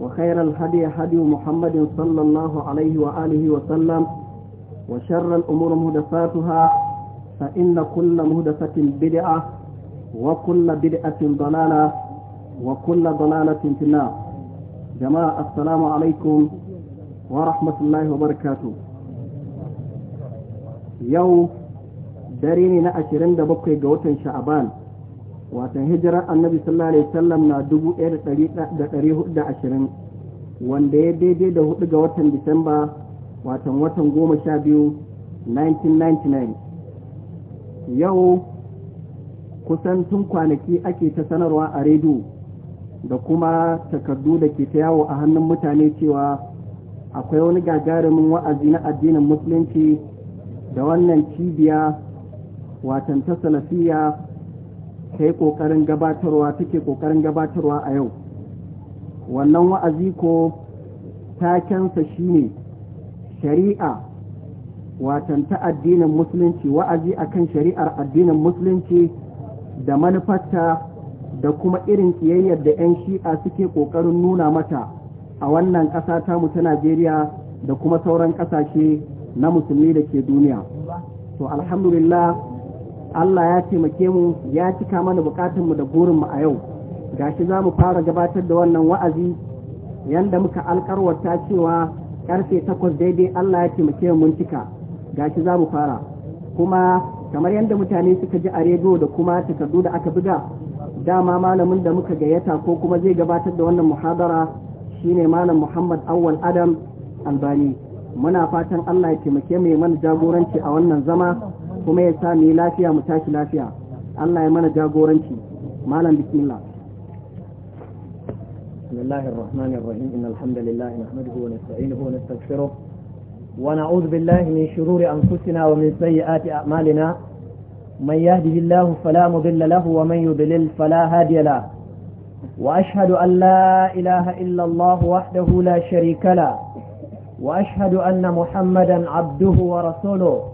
وخير الهدي هدي محمد صلى الله عليه وآله وسلم وشر الأمور مهدفاتها فإن كل مهدفة بدعة وكل بدعة ضلالة وكل ضلالة في النار جماعة السلام عليكم ورحمة الله وبركاته يوم داريني نأشرين دبقي قوة شعبان watan hijirar annabi sallallahu alaihi wasallam na 1420 wanda ya daidai da hudu ga watan disamba watan watan goma sha biyu 1999 yau kusan tun kwanaki ake ta sanarwa a rediyo da kuma takardu da ke ta yawo a hannun mutane cewa akwai wani gagarumin wa'azi na addinin musulunci da wannan cibiya watan ta salafiya ta yi ƙoƙarin gabatarwa take ƙoƙarin gabatarwa a yau wannan wa'azi ko takensa shine shari'a watan ta addinin musulunci wa'azi akan shari'ar addinin musulunci da manufarta da kuma irin tsiyayyar da 'yan shi'a suke ƙoƙarin nuna mata a wannan ƙasa tamu ta najeriya da kuma sauran ƙasashe na musulmi da ke duniya to alhamdulillah Allah ya taimake mu ya cika mana mu da mu a yau gashi za mu fara gabatar da wannan wa'azi yanda muka alkarwata cewa karfe takwas daidai Allah ya taimake mu cika gashi za mu fara kuma kamar yadda mutane suka ji a rediyo da kuma takardu da aka buga dama malamin da muka gayyata ko kuma zai gabatar da wannan muhadara shine malam Muhammad Awwal Adam Albani muna fatan Allah ya taimake mai mana jagoranci a wannan zama kuma ya sa mu lafiya mu tashi lafiya Allah ya mana jagoranci malam bismillah بسم الله الرحمن الرحيم إن الحمد لله نحمده ونستعينه ونستغفره ونعوذ بالله من شرور أنفسنا ومن سيئات أعمالنا من يهده الله فلا مضل له ومن يضلل فلا هادي له وأشهد أن لا إله إلا الله وحده لا شريك له وأشهد أن محمدا عبده ورسوله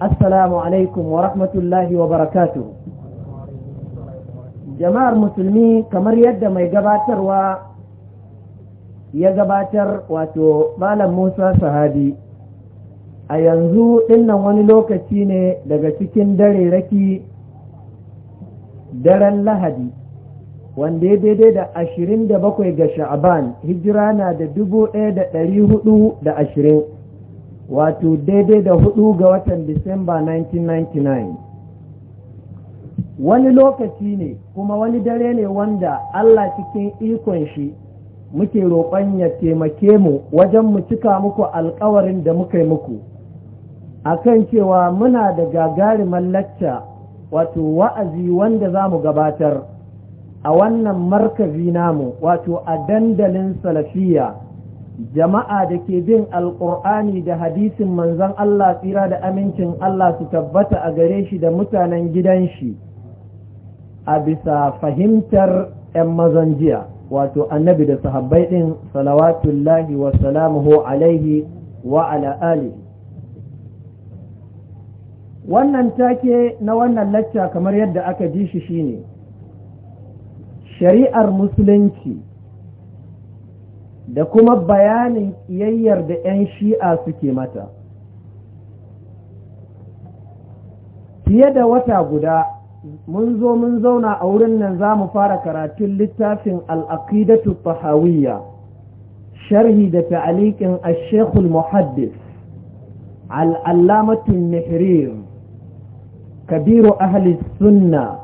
Assalamu alaikum wa rahmatullahi wa barakatu. Jama'ar musulmi kamar yadda mai gabatarwa ya gabatar wato Malam Musa Sahabi, a yanzu dinnan wani lokaci ne daga cikin dare raki daren Lahadi. wanda ya daidai da ashirin da bakwai ga sha'aban hijira na da dubu ɗaya da ɗari hudu da ashirin wato daidai da hudu ga watan disamba 1999 wani lokaci ne kuma wani dare ne wanda allah cikin ikon shi muke roƙon ya taimake mu wajen mu cika muku alkawarin da muka yi muku kan cewa muna da gagari lacca wato wa'azi wanda za mu gabatar a wannan markazi namu wato a dandalin salafiya jama'a da ke bin alƙur'ani da hadisin manzon Allah tsira da amincin Allah su tabbata a gare shi da mutanen gidan shi a bisa fahimtar 'yan mazan jiya wato annabi da sahabbai ɗin salawatullahi wa salamuhu alaihi wa ala alihi wannan take na wannan lacca kamar yadda aka ji shi shine shari'ar musulunci da kuma bayanin ƙiyayyar da 'yan shi'a suke mata fiye da wata guda mun zo mun zauna a wurin nan za mu fara karatun littafin al'aqidatu fahawiyya sharhi da ta'aliƙin ashekul muhaddis al'allamatun mihrir kabiru ahli sunna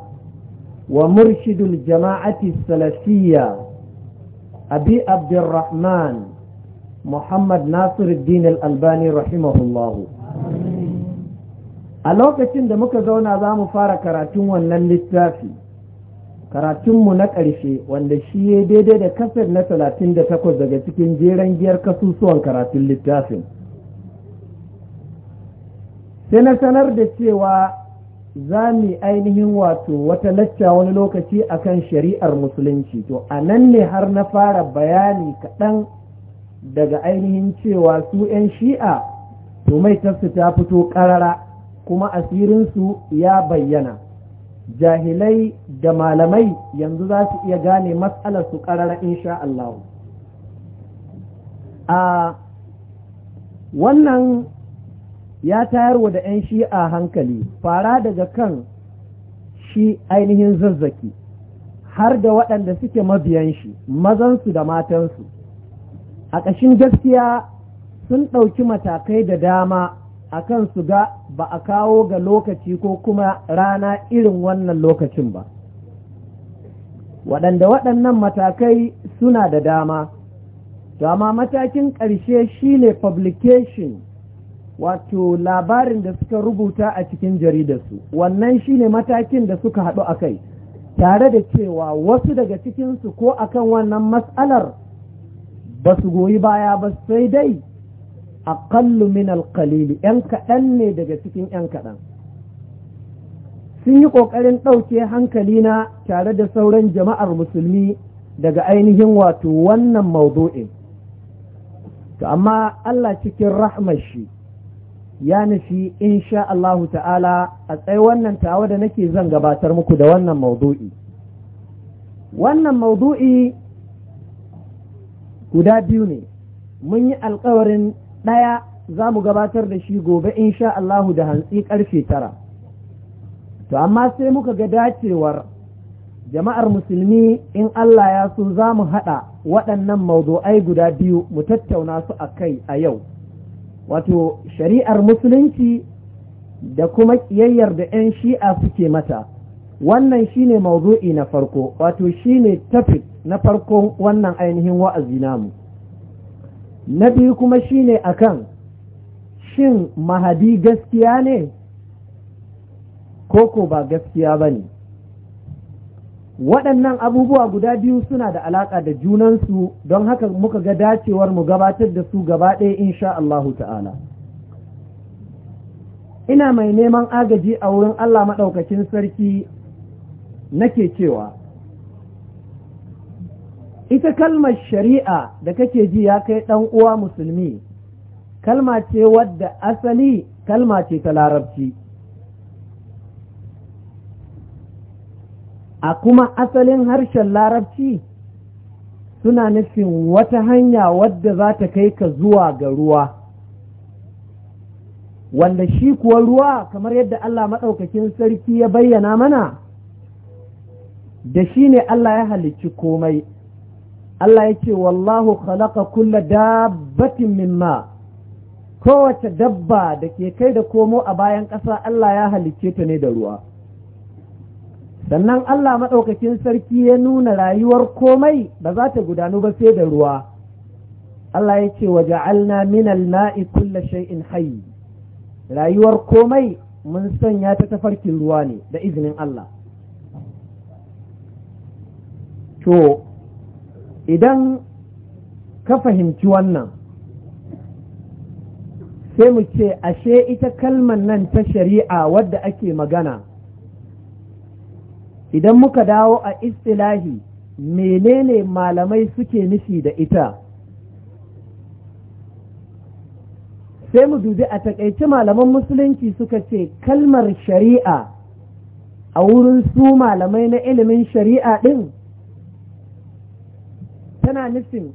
wa murshidul jama'ati salafiyya abi abdurrahman muhammad nasiruddin Albani, rahimahullahu a lokacin da muka zauna za mu fara karatun wannan littafi karatunmu na ƙarshe wanda shi ya daidai da kasar na talatin da takwas daga cikin jeran giyar kasusuwan karatun littafin sai na sanar da cewa za mu ainihin wato wata lacca wani lokaci akan shari'ar musulunci to a nan ne har na fara bayani kaɗan daga ainihin cewa su 'yan shi'a to mai tafsu ta fito ƙarara kuma asirinsu ya bayyana jahilai da malamai yanzu za su iya gane matsalar su ƙarara insha Allah a wannan ya tayar wa da 'yan a hankali fara daga kan shi ainihin zazzaki har da waɗanda suke mabiyan shi mazansu da matansu a ƙashin gaskiya sun ɗauki matakai da dama a kan ga ba a kawo ga lokaci ko kuma rana irin wannan lokacin ba waɗanda waɗannan matakai suna da dama to amma matakin ƙarshe shine publication wato labarin da suka rubuta a cikin jaridarsu wannan shine matakin da suka haɗu a kai tare da cewa wasu daga cikinsu ko akan wannan matsalar ba su goyi baya ba sai dai aƙallu min alƙalili ‘yan kaɗan ne daga cikin ‘yan kaɗan sun yi ƙoƙarin ɗauke hankalina tare da sauran jama'ar musulmi daga ainihin wato wannan maudu'in to amma Allah cikin rahmar shi ya nufi insha Allahu ta'ala a tsaye wannan tawa da nake zan gabatar muku da wannan maudu'i wannan maudu'i guda biyu ne mun yi alkawarin ɗaya za mu gabatar da shi gobe insha Allahu da hantsi ƙarfe tara to amma sai muka ga dacewar jama'ar musulmi in Allah ya so za mu haɗa waɗannan maudu'ai guda biyu mu tattauna su a kai a yau wato shari'ar musulunci da kuma ƙiyayyar da 'yan shi'a suke mata wannan shine maudu'i na farko wato shine tafi na farko wannan ainihin wa'azi namu na biyu kuma shine akan shin mahadi gaskiya ne ko ko ba gaskiya ba ne waɗannan abubuwa guda biyu suna da alaƙa da junansu don haka muka ga dacewar mu gabatar da su gaba ɗaya insha Allahu ta'ala ina mai neman agaji a wurin Allah maɗaukacin sarki nake cewa ita kalmar shari'a da kake ji ya kai ɗan uwa musulmi kalma ce wadda asali kalma ce ta larabci a kuma asalin harshen larabci suna nufin wata hanya wadda za ta kai ka zuwa ga ruwa wanda shi kuwa ruwa kamar yadda Allah maɗaukakin sarki ya bayyana mana da shi ne Allah ya halicci komai Allah ya ce wallahu khalaqa kulla dabbatin mimma kowace dabba da ke kai da komo a bayan ƙasa Allah ya halicce ta ne da ruwa sannan Allah maɗaukakin sarki ya nuna rayuwar komai ba za ta gudanu ba sai da ruwa Allah ya ce waje alna minal ma'i kulla shay'in hayy rayuwar komai mun sanya ta tafarkin ruwa ne da izinin Allah to idan ka fahimci wannan sai mu ce ashe ita kalman nan ta shari'a wadda ake magana idan muka dawo a istilahi menene malamai suke nufi da ita sai mu dubi a takaice malaman musulunci suka ce kalmar shari'a a wurin su malamai na ilimin shari'a ɗin tana nufin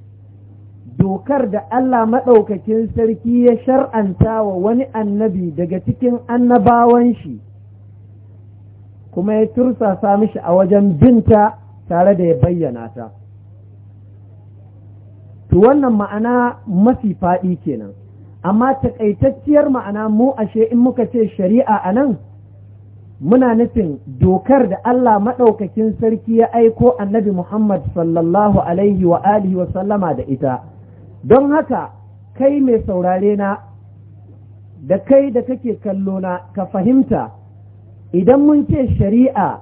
dokar da Allah maɗaukakin sarki ya shar'anta wa wani annabi daga cikin annabawan shi kuma ya tursasa mishi a wajen binta tare da ya bayyana ta to wannan ma'ana mafi faɗi kenan amma taƙaitacciyar ma'ana mu ashe in muka ce shari'a a nan muna nufin dokar da Allah maɗaukakin sarki ya aiko annabi Muhammad sallallahu alaihi wa alihi wa sallama da ita don haka kai mai saurare na da kai da kake kallo na ka fahimta idan mun ce shari'a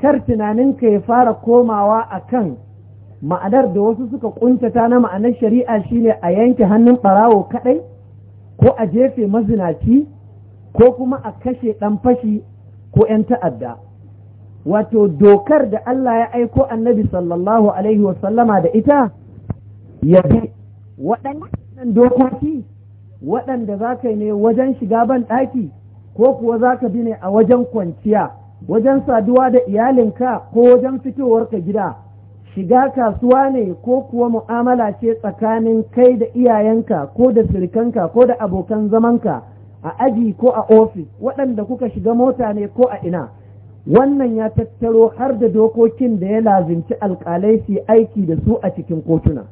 kar tunaninka ya fara komawa a kan ma'anar da wasu suka kuntata na ma'anar shari'a shine a yanke hannun ɓarawo kaɗai ko a jefe mazinaci ko kuma a kashe ɗan fashi ko 'yan ta'adda wato dokar da Allah ya aiko annabi sallallahu alaihi wasallama da ita ya bi waɗannan dokoki waɗanda za ka ne wajen shiga ban ɗaki ko kuwa za ka bi ne a wajen kwanciya wajen saduwa da iyalinka ko wajen fitowar ka gida shiga kasuwa ne ko kuwa mu'amala ce tsakanin kai da iyayenka ko da sirikanka ko da abokan zamanka a aji ko a ofis waɗanda kuka shiga mota ne ko a ina wannan ya tattaro har da dokokin da ya lazimci alƙalai su aiki da su a cikin kotuna.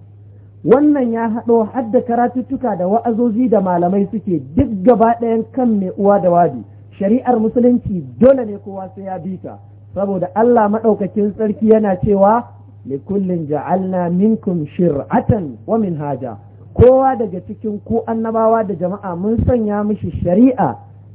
wannan ya haɗo hadda karatuttuka da wa'azozi da malamai suke duk gaba ɗayan kan mai uwa da wadi shari'ar musulunci dole ne kowa sai ya bi ta saboda Allah maɗaukakin sarki yana cewa li kullin ja'alna minkum shir'atan wa minhaja kowa daga cikin ku annabawa da jama'a mun sanya mishi shari'a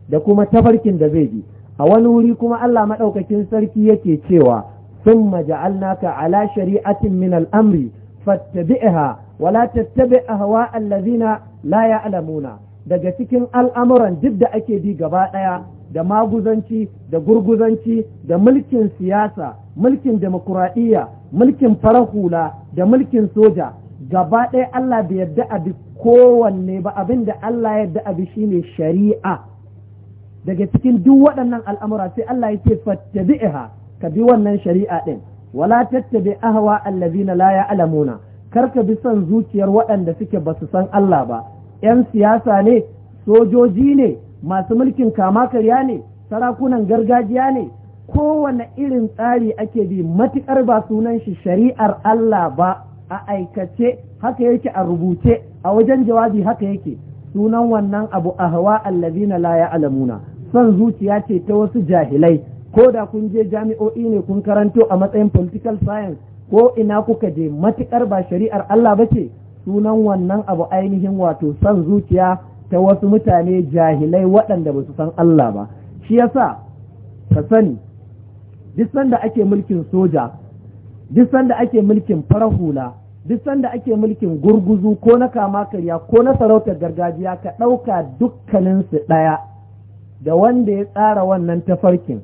da kuma tafarkin da zai bi a wani wuri kuma Allah maɗaukakin sarki yake cewa summa ja'alnaka ala shari'atin min al'amri fattabi'ha wala tattabi ahwa allazina la ya'lamuna daga cikin al'amuran duk da ake bi gaba ɗaya da maguzanci da gurguzanci da mulkin siyasa mulkin demokuraɗiyya mulkin farar hula da mulkin soja gaba ɗaya Allah bai yarda a bi kowanne ba abin da Allah yarda a bi ne shari'a daga cikin duk waɗannan al'amura sai Allah ya ce fattabi'iha ka bi wannan shari'a ɗin wala tattabi ahwa allazina la ya'lamuna karka bi son zuciyar waɗanda suke ba su san Allah ba 'yan siyasa ne sojoji ne masu mulkin kama karya ne sarakunan gargajiya ne kowane irin tsari ake bi matuƙar ba sunan shi shari'ar Allah ba a aikace haka yake a rubuce a wajen jawabi haka yake sunan wannan abu a hawa allazina la alamuna son zuciya ce ta wasu jahilai ko da kun je jami'o'i ne kun karanto a matsayin political science ko ina kuka je matukar ba shari'ar Allah ba ce sunan wannan abu ainihin wato son zuciya ta wasu mutane jahilai waɗanda ba su san Allah ba shi yasa ka sani duk sanda ake mulkin soja duk sanda ake mulkin farahula duk sanda ake mulkin gurguzu ko na kama karya ko na sarautar gargajiya ka ɗauka dukkaninsu ɗaya da wanda ya tsara wannan tafarkin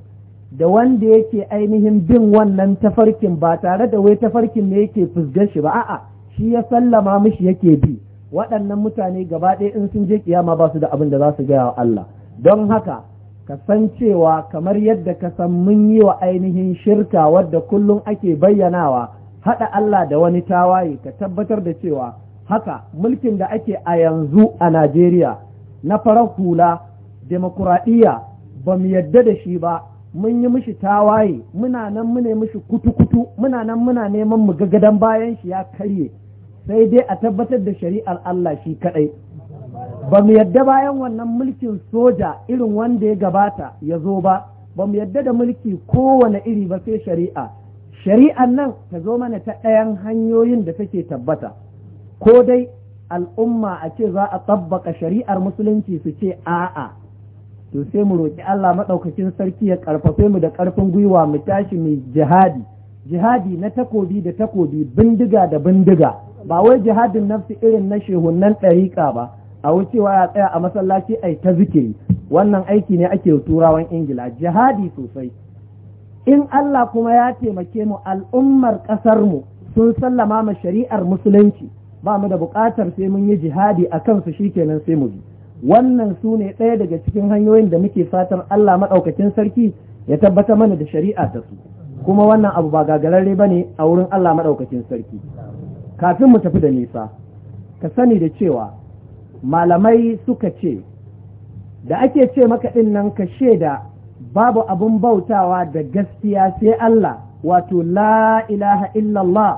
da wanda yake ainihin bin wannan tafarkin ba tare da wai tafarkin ne yake fusgar shi ba a'a shi ya sallama mishi yake bi waɗannan mutane gaba ɗaya in sun je kiyama ba su da abin da za su gaya wa Allah don haka ka san cewa kamar yadda ka san mun yi wa ainihin shirka wadda kullum ake bayyanawa haɗa Allah da wani tawaye ka tabbatar da cewa haka mulkin da ake a yanzu a Najeriya na farar hula demokuraɗiyya ba mu yadda da shi ba mun yi mishi tawaye muna nan mune mishi kutu-kutu muna nan muna neman mu gagadan bayan shi ya karye sai dai a tabbatar da shari'ar Allah shi kadai ba mu yadda bayan wannan mulkin soja irin wanda ya gabata ya zo ba ba mu yadda da mulki kowane iri ba sai shari'a Shari'ar nan ta zo mana ta ɗayan hanyoyin da take tabbata ko dai al'umma a ce za a tabbaka shari'ar musulunci su ce a'a to sai mu roƙi Allah maɗaukakin sarki ya ƙarfafe mu da ƙarfin gwiwa mu tashi mu jihadi jihadi na takobi da takobi bindiga da bindiga ba wai jihadin nafsi irin na shehunnan ɗariƙa ba a wucewa ya tsaya a masallaci ai ta zikiri wannan aiki ne ake turawan ingila jihadi sosai in Allah kuma ya taimake mu al'ummar ƙasar mu sun sallama ma shari'ar musulunci ba mu da buƙatar sai mun yi jihadi a kansu shikenan sai mu bi wannan su ne ɗaya daga cikin hanyoyin da muke fatan Allah maɗaukacin sarki ya tabbata mana da shari'a ta su kuma wannan abu ba gagararre ba ne a wurin Allah maɗaukacin sarki kafin mu tafi da nisa ka sani da cewa malamai suka ce da ake ce maka ɗin nan ka shaida babu abin bautawa da gaskiya sai Allah wato la ilaha illallah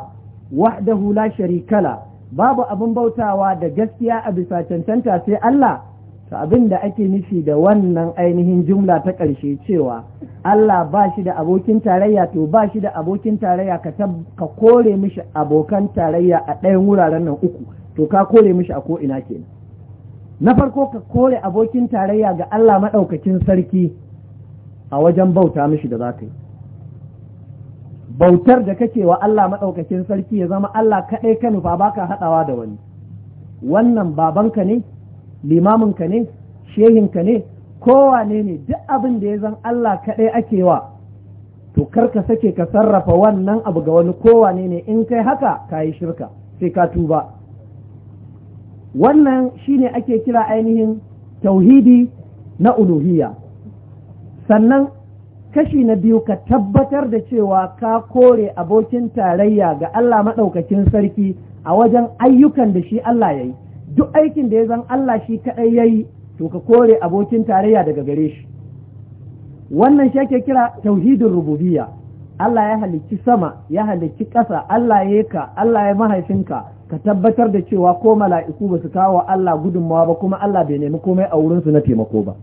wahdahu la sharikala babu abin bautawa da gaskiya a bisa cancanta sai Allah to abin da ake nufi da wannan ainihin jumla ta ƙarshe cewa Allah ba shi da abokin tarayya to ba shi da abokin tarayya ka kore mishi abokan tarayya a ɗayan wuraren nan uku to ka kore mishi a ko'ina kenan na farko ka kore abokin tarayya ga Allah maɗaukakin sarki a wajen bauta mishi da za ka yi bautar da kake wa Allah maɗaukakin sarki ya zama Allah kaɗai ka nufa ka haɗawa da wani wannan babanka ne limamin ka ne shehin ka ne kowane ne duk abin da ya zan Allah kaɗai ake wa to kar ka sake ka sarrafa wannan abu ga wani kowane ne in kai haka ka yi shirka sai ka tuba wannan shine ake kira ainihin tauhidi na uluhiyya sannan kashi na biyu ka tabbatar da cewa ka kore abokin tarayya ga Allah maɗaukakin sarki a wajen ayyukan da shi Allah ya yi duk aikin da ya zan Allah shi kaɗai ya yi to ka kore abokin tarayya daga gare shi wannan shi ake kira tauhidin Rububiya. Allah ya halicci sama ya halicci ƙasa Allah ya ka Allah ya mahaifinka ka tabbatar da cewa ko mala'iku ba su kawo Allah gudunmawa ba kuma Allah bai nemi komai a wurinsu na taimako ba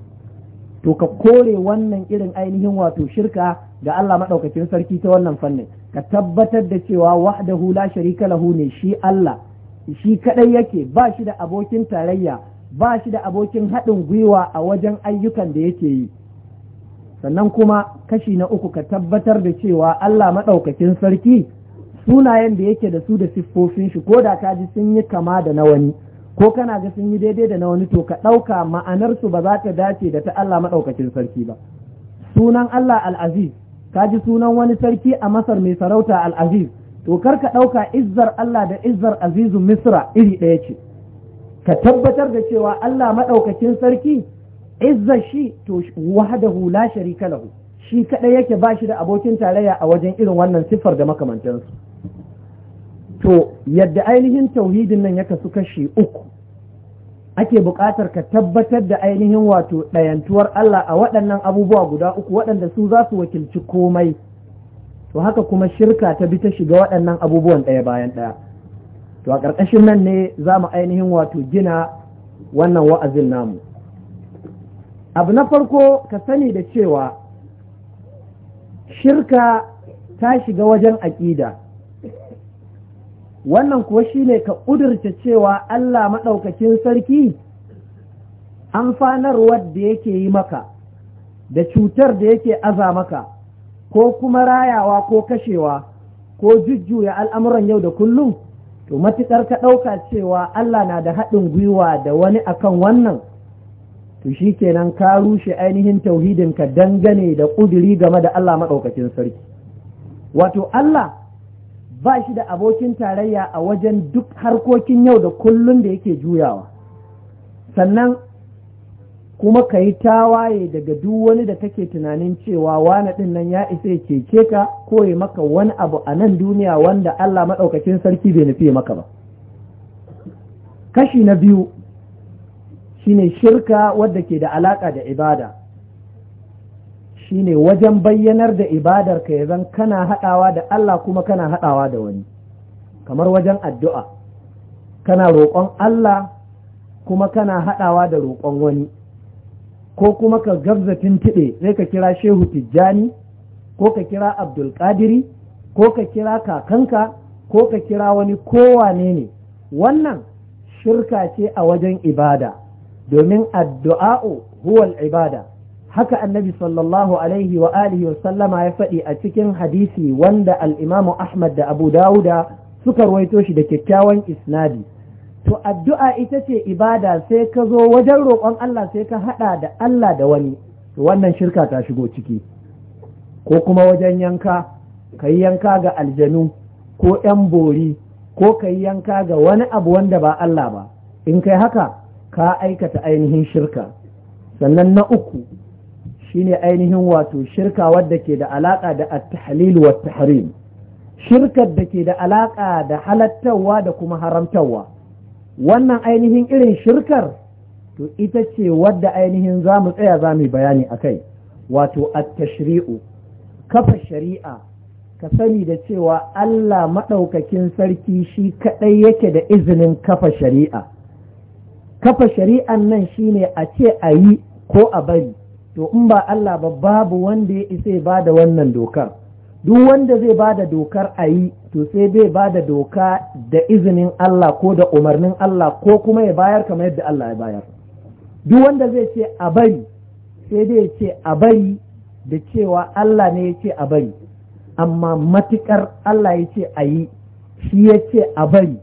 to ka kore wannan irin ainihin wato shirka ga Allah maɗaukacin sarki ta wannan fannin ka tabbatar da cewa wahdahu la sharika lahu ne shi Allah shi kadai yake ba shi da abokin tarayya ba shi da abokin haɗin gwiwa a wajen ayyukan da yake yi sannan kuma kashi na uku ka tabbatar da cewa Allah maɗaukakin sarki sunayen da yake da su da siffofin shi ko da ka ji sun yi kama da na wani ko kana ga sun yi daidai da na wani to ka ɗauka ma'anar su ba za ta dace da ta Allah maɗaukakin sarki ba sunan Allah al'aziz ka ji sunan wani sarki a masar mai sarauta al'aziz to kar ka ɗauka izzar Allah da izzar azizu misra iri ɗaya ce ka tabbatar da cewa Allah maɗaukakin sarki izzar shi to wahadahu la sharika lahu shi kaɗai yake ba shi da abokin tarayya a wajen irin wannan siffar da makamantansu to yadda ainihin tauhidin nan ya kasu kashi uku ake buƙatar ka tabbatar da ainihin wato ɗayantuwar Allah a waɗannan abubuwa guda uku waɗanda su za su wakilci komai to haka kuma shirka ta bi ta shiga waɗannan abubuwan ɗaya bayan ɗaya to a ƙarƙashin nan ne za mu ainihin wato gina wannan wa'azin namu abu na farko ka sani da cewa shirka ta shiga wajen aƙida wannan kuwa shi ne ka ƙudurta cewa Allah maɗaukakin sarki fanarwar da yake yi maka da cutar da yake aza maka ko kuma rayawa ko kashewa ko jujjuya al'amuran yau da kullum to matuƙar ka ɗauka cewa Allah na da haɗin gwiwa da wani akan wannan to shi kenan ka rushe ainihin tauhidinka dangane da ƙuduri game da Allah maɗaukacin sarki wato Allah ba shi da abokin tarayya a wajen duk harkokin yau da kullum da yake juyawa sannan kuma ka yi tawaye daga duk wani da kake tunanin cewa wani ɗin nan ya isa ya keke ka ko ya maka wani abu a nan duniya wanda Allah maɗaukacin sarki bai nufi maka ba kashi na biyu shi ne shirka wadda ke da alaƙa da ibada Shi ne wajen bayyanar da ibadar ka zan kana haɗawa da Allah kuma kana haɗawa da wani kamar wajen addu'a kana roƙon Allah kuma kana haɗawa da roƙon wani ko kuma ka gabza tintiɗe sai ka kira shehu tijjani ko ka kira abdulkadiri ko ka kira kakanka ko ka kira wani kowane ne wannan shirka ce a wajen ibada domin addu'a'u huwal ibada haka annabi sallallahu alaihi wa alihi wa sallama ya faɗi a cikin hadisi wanda al'imamu ahmad da abu dawuda suka ruwaito shi da kyakkyawan isnadi to addu'a ita ce ibada sai ka zo wajen roƙon Allah sai ka haɗa da Allah da wani to wannan shirka ta shigo ciki ko kuma wajen yanka ka yi yanka ga aljanu ko ‘yan bori ko ka yi yanka ga wani abu wanda ba Allah ba in kai haka ka aikata ainihin shirka sannan na uku shine ainihin wato shirka wadda ke da alaƙa da at wa tahrim shirkar da ke da alaƙa da halattawa da kuma haramtarwa wannan ainihin irin shirkar to ita ce wadda ainihin za mu tsaya za mu bayani a kai wato attashri'u kafa shari'a ka sani da cewa Allah maɗaukakin sarki shi kaɗai yake da izinin kafa shari'a kafa shari'an nan shi ne a ce a yi ko a bari to in ba Allah ba babu wanda ya isa ba da wannan dokar duk wanda zai ba da dokar a yi to sai bai ba da doka da izinin Allah ko da umarnin Allah ko kuma ya bayar kamar yadda Allah ya bayar duk wanda zai ce a bari sai dai ce a bari da cewa Allah ne ya ce a bari amma matukar Allah ya ce a yi shi ya ce a bari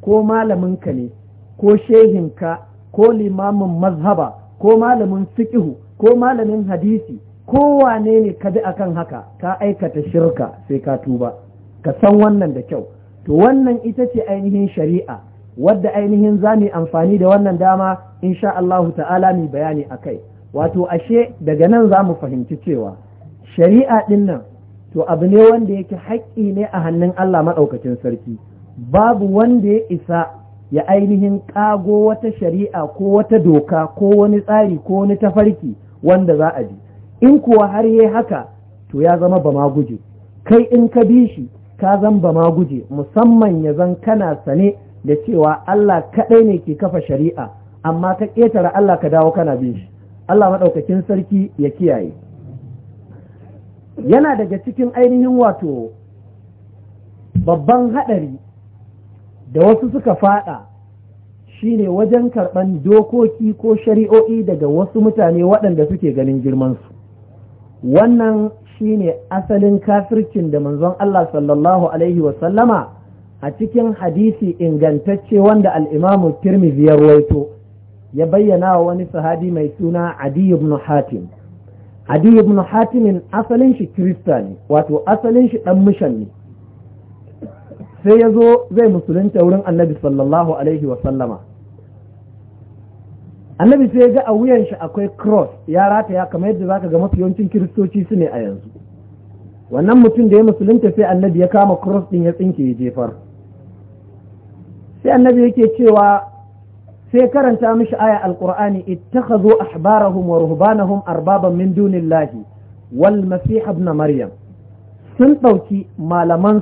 ko malaminka ne ko shehinka ko limamin mazhaba ko malamin sikihu ko malamin hadisi kowane ne ka bi akan haka ka aikata shirka sai ka tuba ka san wannan da kyau to wannan ita ce ainihin shari'a wadda ainihin za mu amfani da wannan dama insha Allahu ta'ala mu bayani akai wato ashe daga nan za mu fahimci cewa shari'a ɗin nan to abu ne wanda yake haƙƙi ne a hannun Allah maɗaukacin sarki babu wanda ya isa ya ainihin ƙago wata shari'a ko wata doka ko wani tsari ko wani tafarki wanda za a bi in kuwa har yi haka to ya zama ba ma guje kai in ka bi shi ka zan ba ma guje musamman ya zan kana sane da cewa Allah kaɗai ne ke kafa shari'a amma ka ƙetare Allah ka dawo kana bin shi Allah maɗaukakin sarki ya kiyaye yana daga cikin ainihin wato babban haɗari da wasu suka faɗa shine wajen karɓan dokoki ko shari'o'i daga wasu mutane waɗanda suke ganin girmansu wannan shine asalin kafircin da manzon Allah sallallahu alaihi wasallama a cikin hadisi ingantacce wanda al'imamu tirmidhi ya ruwaito ya bayyana wa wani sahadi mai suna adi ibn hatim adi ibn hatimin asalin shi kirista ne wato asalin shi ɗan mishan ne sai ya zo zai musulunta wurin annabi sallallahu alaihi wasallama annabi sai ya ga a wuyan shi akwai cross ya rataya kamar yadda zaka ga mafi yawancin kiristoci su ne a yanzu wannan mutum da ya musulunta sai annabi ya kama cross din ya tsinke ya jefar sai annabi yake cewa sai karanta mishi aya alqur'ani ittakhadhu ahbarahum wa ruhbanahum arbaban min dunillahi wal masih ibn maryam sun ɗauki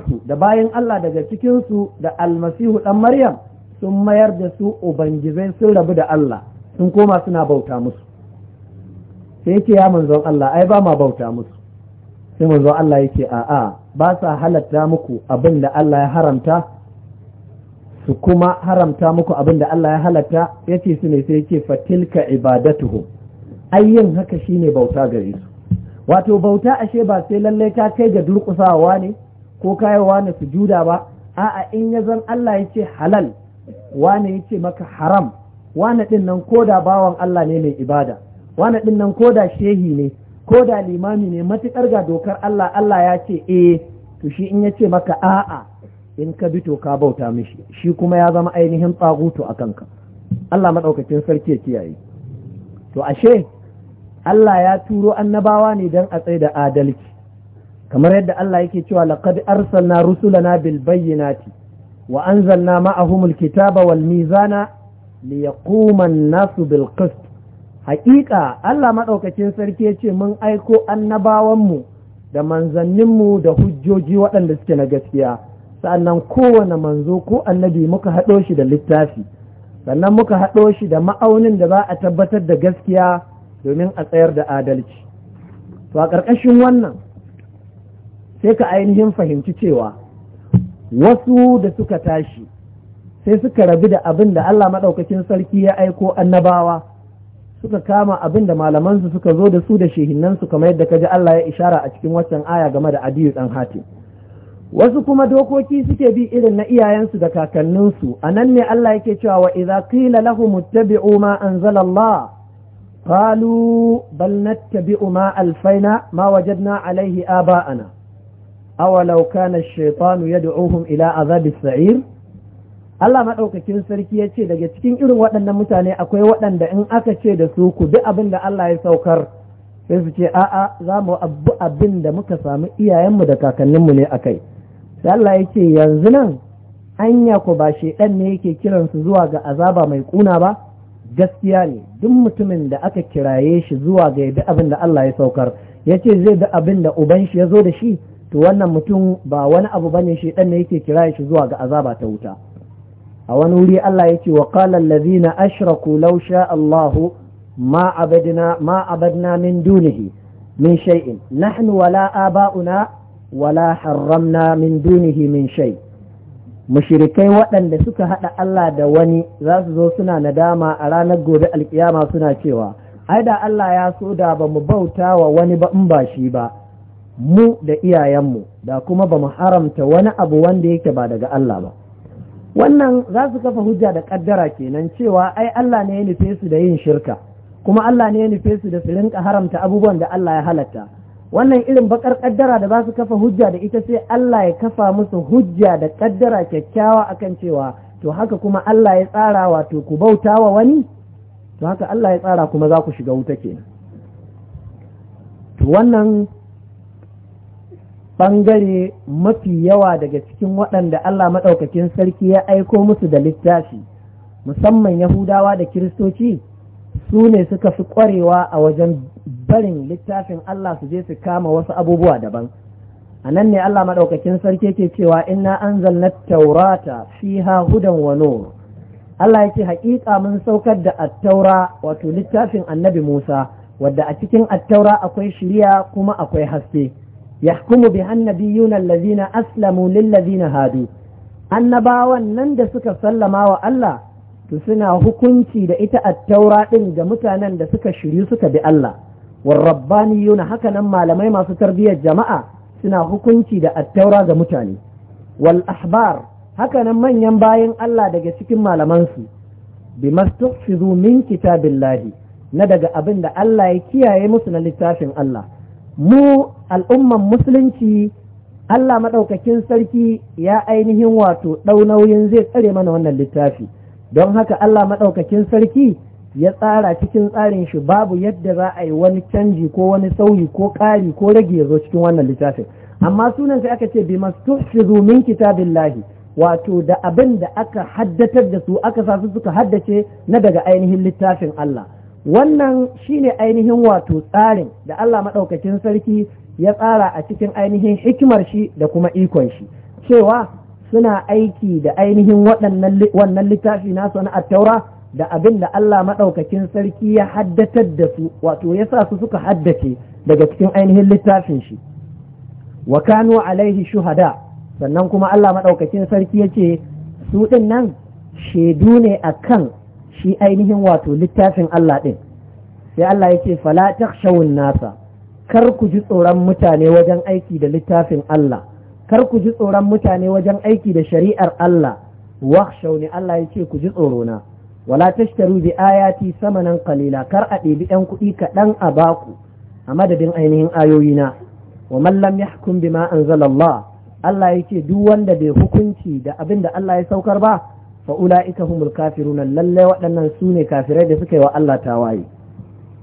su da bayan Allah daga cikinsu da almasihu ɗan Maryam sun mayar da su Ubangizai sun rabu da Allah sun koma suna bauta musu sai yake ya manzon Allah ai ba ma bauta musu sai manzon Allah yake a'a ba sa halatta muku abin da Allah ya haramta su kuma haramta muku abin da Allah ya halatta yace su ne sai yake fatilka ibadatuhu ai yin haka shine bauta gare su wato bauta ashe ba sai lallai ka kai ga durƙusawa ne ko kayawa na sujuda ba a'a in ya zan Allah ya ce halal wane ya ce maka haram wane ɗin nan ko da bawan Allah ne mai ibada wane ɗin nan ko da shehi ne ko da limami ne matuƙar ga dokar Allah Allah ya ce eh to shi in ya ce maka a'a in ka bi to ka bauta mishi shi kuma ya zama ainihin tsaguto a kanka Allah maɗaukacin sarki ya kiyaye to ashe Allah ya turo annabawa ne don a tsaye da adalci kamar yadda Allah yake cewa laqad arsalna rusulana bil bayyinati wa anzalna ma'ahumul kitaba wal mizana li yaquman nasu bil qist haƙiƙa Allah maɗaukacin sarki ya ce mun aiko annabawanmu da manzanninmu da hujjoji waɗanda suke na gaskiya sannan kowane manzo ko annabi muka haɗo shi da littafi sannan muka haɗo shi da ma'aunin da za a tabbatar da gaskiya domin a tsayar da adalci to a ƙarƙashin wannan sai ka ainihin fahimci cewa wasu da suka tashi sai suka rabu da abin da Allah maɗaukacin sarki ya aiko annabawa suka kama abin da malamansu suka zo da su da shehinnansu kamar yadda ji Allah ya ishara a cikin waccan aya game da adiyu ɗan hatim wasu kuma dokoki suke bi irin na iyayensu da kakanninsu a nan ne Allah yake cewa wa idza qila lahum ittabi'u ma anzala Allah qalu bal nattabi'u ma alfaina ma wajadna alayhi aba'ana awalau kana ash-shaytanu yad'uhum ila adhabi as-sa'ir Allah maɗaukakin sarki ya ce daga cikin irin waɗannan mutane akwai waɗanda in aka ce da su ku bi abin da Allah ya saukar sai su ce a'a za mu abu abin da muka samu iyayenmu da kakanninmu ne a kai sai Allah ya ce yanzu nan anya ku ba shaidan ne yake kiran su zuwa ga azaba mai kuna ba gaskiya ne duk mutumin da aka kiraye shi zuwa ga yabi abin da Allah ya saukar ya ce zai bi abin da uban shi ya zo da shi to wannan mutum ba wani abu bane shaidan ne yake kiraye shi zuwa ga azaba ta wuta a wani wuri Allah yake wa qala allazina ashraku lausha Allahu ma abadna ma abadna min dunihi min shay'in nahnu wala aba'una wala haramna min dunihi min shay mushrikai waɗanda suka haɗa Allah da wani za su zo suna nadama a ranar gobe alkiyama suna cewa ai da Allah ya so da ba mu bauta wa wani ba in ba shi ba mu da iyayenmu da kuma ba mu haramta wani abu wanda yake ba daga Allah ba wannan za su kafa hujja da kaddara kenan cewa ai Allah ne ya nufe su da yin shirka kuma Allah ne ya nufe su da su rinka haramta abubuwan da Allah ya halatta wannan irin bakar kaddara da za su kafa hujja da ita sai Allah ya kafa musu hujja da kaddara kyakkyawa akan cewa to haka kuma Allah ya tsara wato ku bauta wa wani to haka Allah ya tsara kuma za ku shiga wuta kenan to wannan Bangare mafi yawa daga cikin waɗanda Allah maɗaukakin sarki ya aiko musu da littafi musamman Yahudawa da Kiristoci su ne suka fi ƙwarewa a wajen barin littafin Allah su je su kama wasu abubuwa daban a nan ne Allah maɗaukakin sarki ke cewa an na taurata fiha hudan wa nur Allah yake haƙiƙa mun saukar da attaura wato littafin annabi Musa wadda a cikin attaura akwai shirya kuma akwai haske يحكم بها النبيون الذين أسلموا للذين هادوا annabawan nan da suka sallama wa Allah to suna hukunci da ita a taura ɗin ga mutanen da suka shiryu suka bi Allah warrabbaniyu na haka nan malamai masu tarbiyyar jama'a suna hukunci da attaura ga mutane wal ahbar hakanan manyan bayan Allah daga cikin malamansu bi mastufizu min kitabillahi na daga abin da Allah ya kiyaye musu na littafin Allah mu al'umman musulunci Allah maɗaukakin sarki ya ainihin wato ɗau nauyin zai tsare mana wannan littafi don haka Allah maɗaukakin sarki ya tsara cikin tsarin shi babu yadda za a yi wani canji ko wani sauyi ko ƙari ko rage ya zo cikin wannan littafin amma sunan sai aka ce bi shiru min lahi, wato da abin da aka haddatar da su aka sa su suka haddace na daga ainihin littafin Allah wannan shine ainihin wato tsarin da Allah maɗaukacin sarki ya tsara a cikin ainihin hikimar shi da kuma ikon shi cewa suna aiki da ainihin wannan littafi nasu a taura, da abin da Allah maɗaukacin sarki ya haddatar da su wato ya sa su suka haddace daga cikin ainihin littafin shi wa kanu alaihi shuhada sannan kuma Allah maɗaukacin sarki ya ce su ɗin nan shaidu ne akan shi ainihin wato littafin Allah ɗin sai Allah ya ce fala shawun nasa kar ku ji tsoron mutane wajen aiki da littafin Allah kar ku ji tsoron mutane wajen aiki da shari'ar Allah ne Allah ya ce ku ji tsorona wala tashtaru bi ayati samanan qalila kar a ɗebi ɗan kuɗi kaɗan a baku a madadin ainihin ayoyina wa man lam yahkum bima Allah Allah ya ce duk wanda bai hukunci da abin da Allah ya saukar ba fa ulaika humul na lalle waɗannan su ne kafirai da suka yi wa Allah tawaye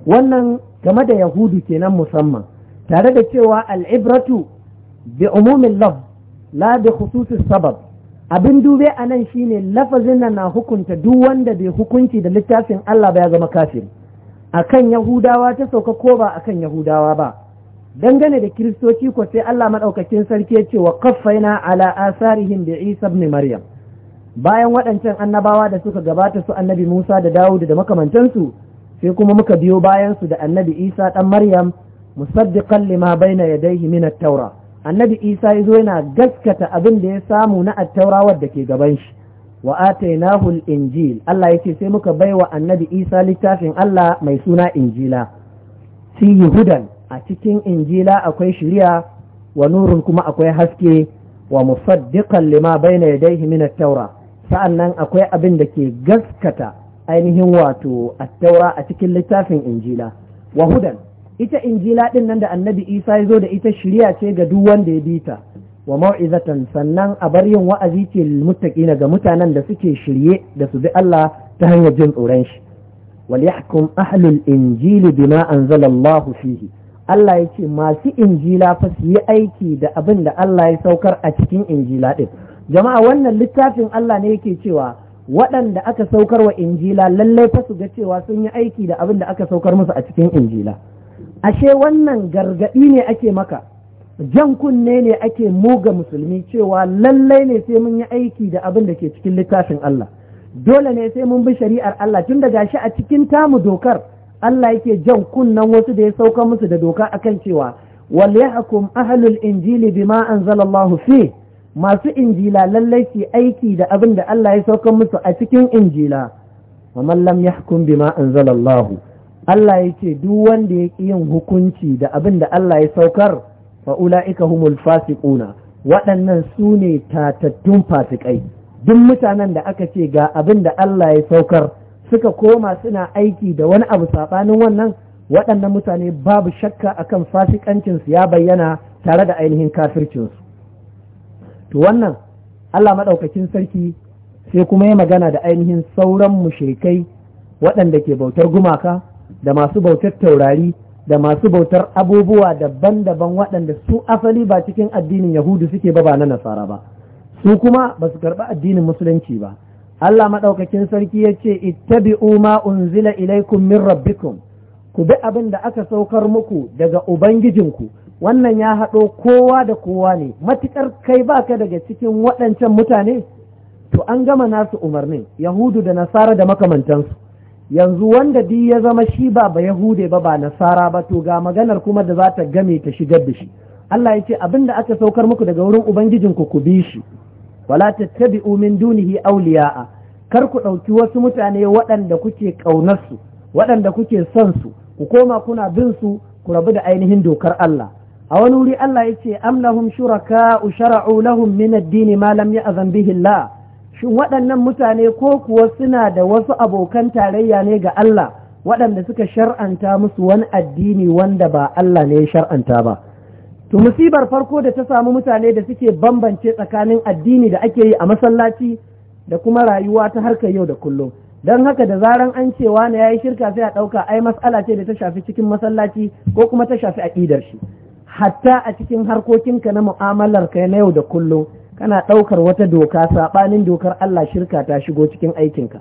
wannan game da yahudu kenan musamman tare da cewa al'ibratu bi umumin laf la bi khususis sabab abin dube a nan shine lafazin nan na hukunta duk wanda bai hukunci da littafin Allah ba ya zama kafiri akan yahudawa ta sauka ko ba akan yahudawa ba dangane da kiristoci ko sai Allah madaukakin sarki ya ce wa kaffaina ala asarihim bi Isa ibn Maryam bayan waɗancan annabawa da suka gabata su annabi Musa da Dawud da makamantansu sai kuma muka biyo bayan su da annabi Isa ɗan Maryam musaddiqan lima baina yadayhi min at-taura annabi Isa yazo yana gaskata abin da ya samu na at-taura wadda ke gaban shi wa atainahu al-injil Allah yake sai muka baiwa annabi Isa littafin Allah mai suna injila fi hudan a cikin injila akwai shari'a wa nurun kuma akwai haske wa musaddiqan lima baina yadayhi min at-taura sa'annan akwai abin da ke gaskata ainihin wato a taura a cikin littafin injila wahudan ita injila din nan da annabi isa ya zo da ita shirya ce ga duk wanda ya bita wa mau'izatan sannan a bar yin wa'azi ce muttaqina ga mutanen da suke shirye da su bi Allah ta hanyar jin tsoron shi wal yahkum ahlul injili bima anzala Allah fihi Allah ya ce masu injila fa su yi aiki da abin da Allah ya saukar a cikin injila ɗin jama'a wannan littafin Allah ne yake cewa waɗanda aka saukar wa injila lallai fa su ga cewa sun yi aiki da abin da aka saukar musu a cikin injila ashe wannan gargaɗi ne ake maka jan kunne ne ake muga musulmi cewa lallai ne sai mun yi aiki da abin da ke cikin littafin Allah dole ne sai mun bi shari'ar Allah tun daga shi a cikin tamu dokar Allah yake jan kunnen wasu da ya sauka musu da doka akan cewa wal yahkum ahlul injili bima anzalallahu fihi masu injila lallai su aiki da abin da Allah ya sauka musu a cikin injila wa man lam yahkum bima anzalallahu Allah ya ce duk wanda ya ƙi yin hukunci da abin da Allah ya saukar fa ula'ika humul fasiquna waɗannan su ne tatattun fasikai duk mutanen da aka ce ga abin da Allah ya saukar suka koma suna aiki da wani abu saɓanin wannan waɗannan mutane babu shakka akan fasikancinsu ya bayyana tare da ainihin kafircinsu to wannan Allah maɗaukakin sarki sai kuma ya magana da ainihin sauran mushrikai waɗanda ke bautar gumaka da masu bautar taurari da masu bautar abubuwa daban-daban waɗanda su asali ba cikin addinin yahudu suke ba ba na nasara ba su kuma ba su karɓi addinin musulunci ba Allah maɗaukakin sarki ya ce ittabi'u ma unzila ilaikum min rabbikum ku bi abin da aka saukar muku daga ubangijinku wannan ya haɗo kowa da kowa ne matuƙar kai baka daga cikin waɗancan mutane to an gama nasu umarnin yahudu da nasara da makamantansu yanzu wanda di ya zama shi ba ba yahude ba ba nasara ba to ga maganar kuma da za ta game ta shigar da shi Allah ya ce abin da aka saukar muku daga wurin ubangijinku ku bi shi wala tattabi'u min dunihi awliya'a kar ku ɗauki wasu mutane waɗanda kuke ƙaunarsu waɗanda kuke son su ku koma kuna bin su ku rabu da ainihin dokar Allah a wani wuri Allah ya ce amlahum lahum shuraka shara'u lahum min ad-din ma lam ya'zan bihi Allah shin waɗannan mutane ko kuwa suna da wasu abokan tarayya ne ga Allah waɗanda suka shar'anta musu wani addini wanda ba Allah ne ya shar'anta ba to musibar farko da ta samu mutane da suke bambance tsakanin addini da ake yi a masallaci da kuma rayuwa ta harkar yau da kullum don haka da zaran an ce wani ya yi shirka sai a ɗauka ai mas'ala ce da ta shafi cikin masallaci ko kuma ta shafi aƙidar shi hatta a cikin harkokinka na mu'amalarka na yau da kullum kana ɗaukar wata doka saɓanin dokar Allah shirka ta shigo cikin aikinka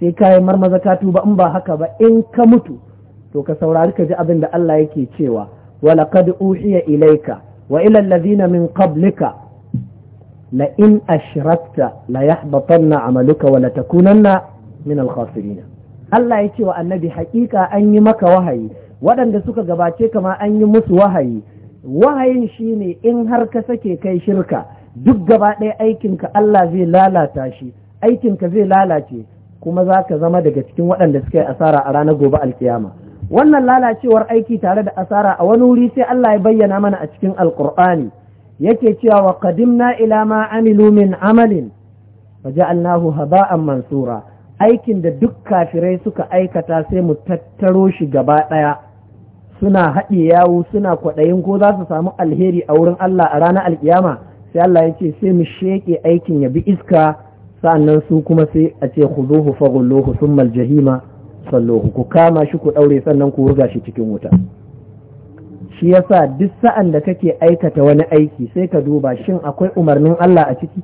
sai ka yi marmaza ka tuba in ba haka ba in ka mutu to ka saurari ka ji abin da Allah yake cewa ولقد أوحي إليك وإلى الذين من قبلك لئن أشركت ليحبطن عملك ولتكونن من الخاسرين Allah ya ce wa annabi hakika an yi maka wahayi waɗanda suka gabace kama an yi musu wahayi wahayin shi ne in har ka sake kai shirka duk gaba ɗaya aikinka Allah zai lalata shi aikinka zai lalace kuma za ka zama daga cikin waɗanda suka yi asara a ranar gobe alkiyama wannan lalacewar aiki tare da asara a wani wuri sai Allah ya bayyana mana a cikin alkur'ani yake cewa wa qadimna ila ma amilu min amalin faja'alnahu haba'an mansura aikin da duk kafirai suka aikata sai mu tattaro shi gaba ɗaya suna haɗe yawo suna kwaɗayin ko za su samu alheri a wurin Allah a ranar alkiyama sai Allah ya ce sai mu sheƙe aikin ya bi iska sa'annan su kuma sai a ce ku zo fagullo ku sun maljahima sallohu ku kama shi ku ɗaure sannan ku wurga shi cikin wuta shi yasa duk sa'an da kake aikata wani aiki sai ka duba shin akwai umarnin Allah a ciki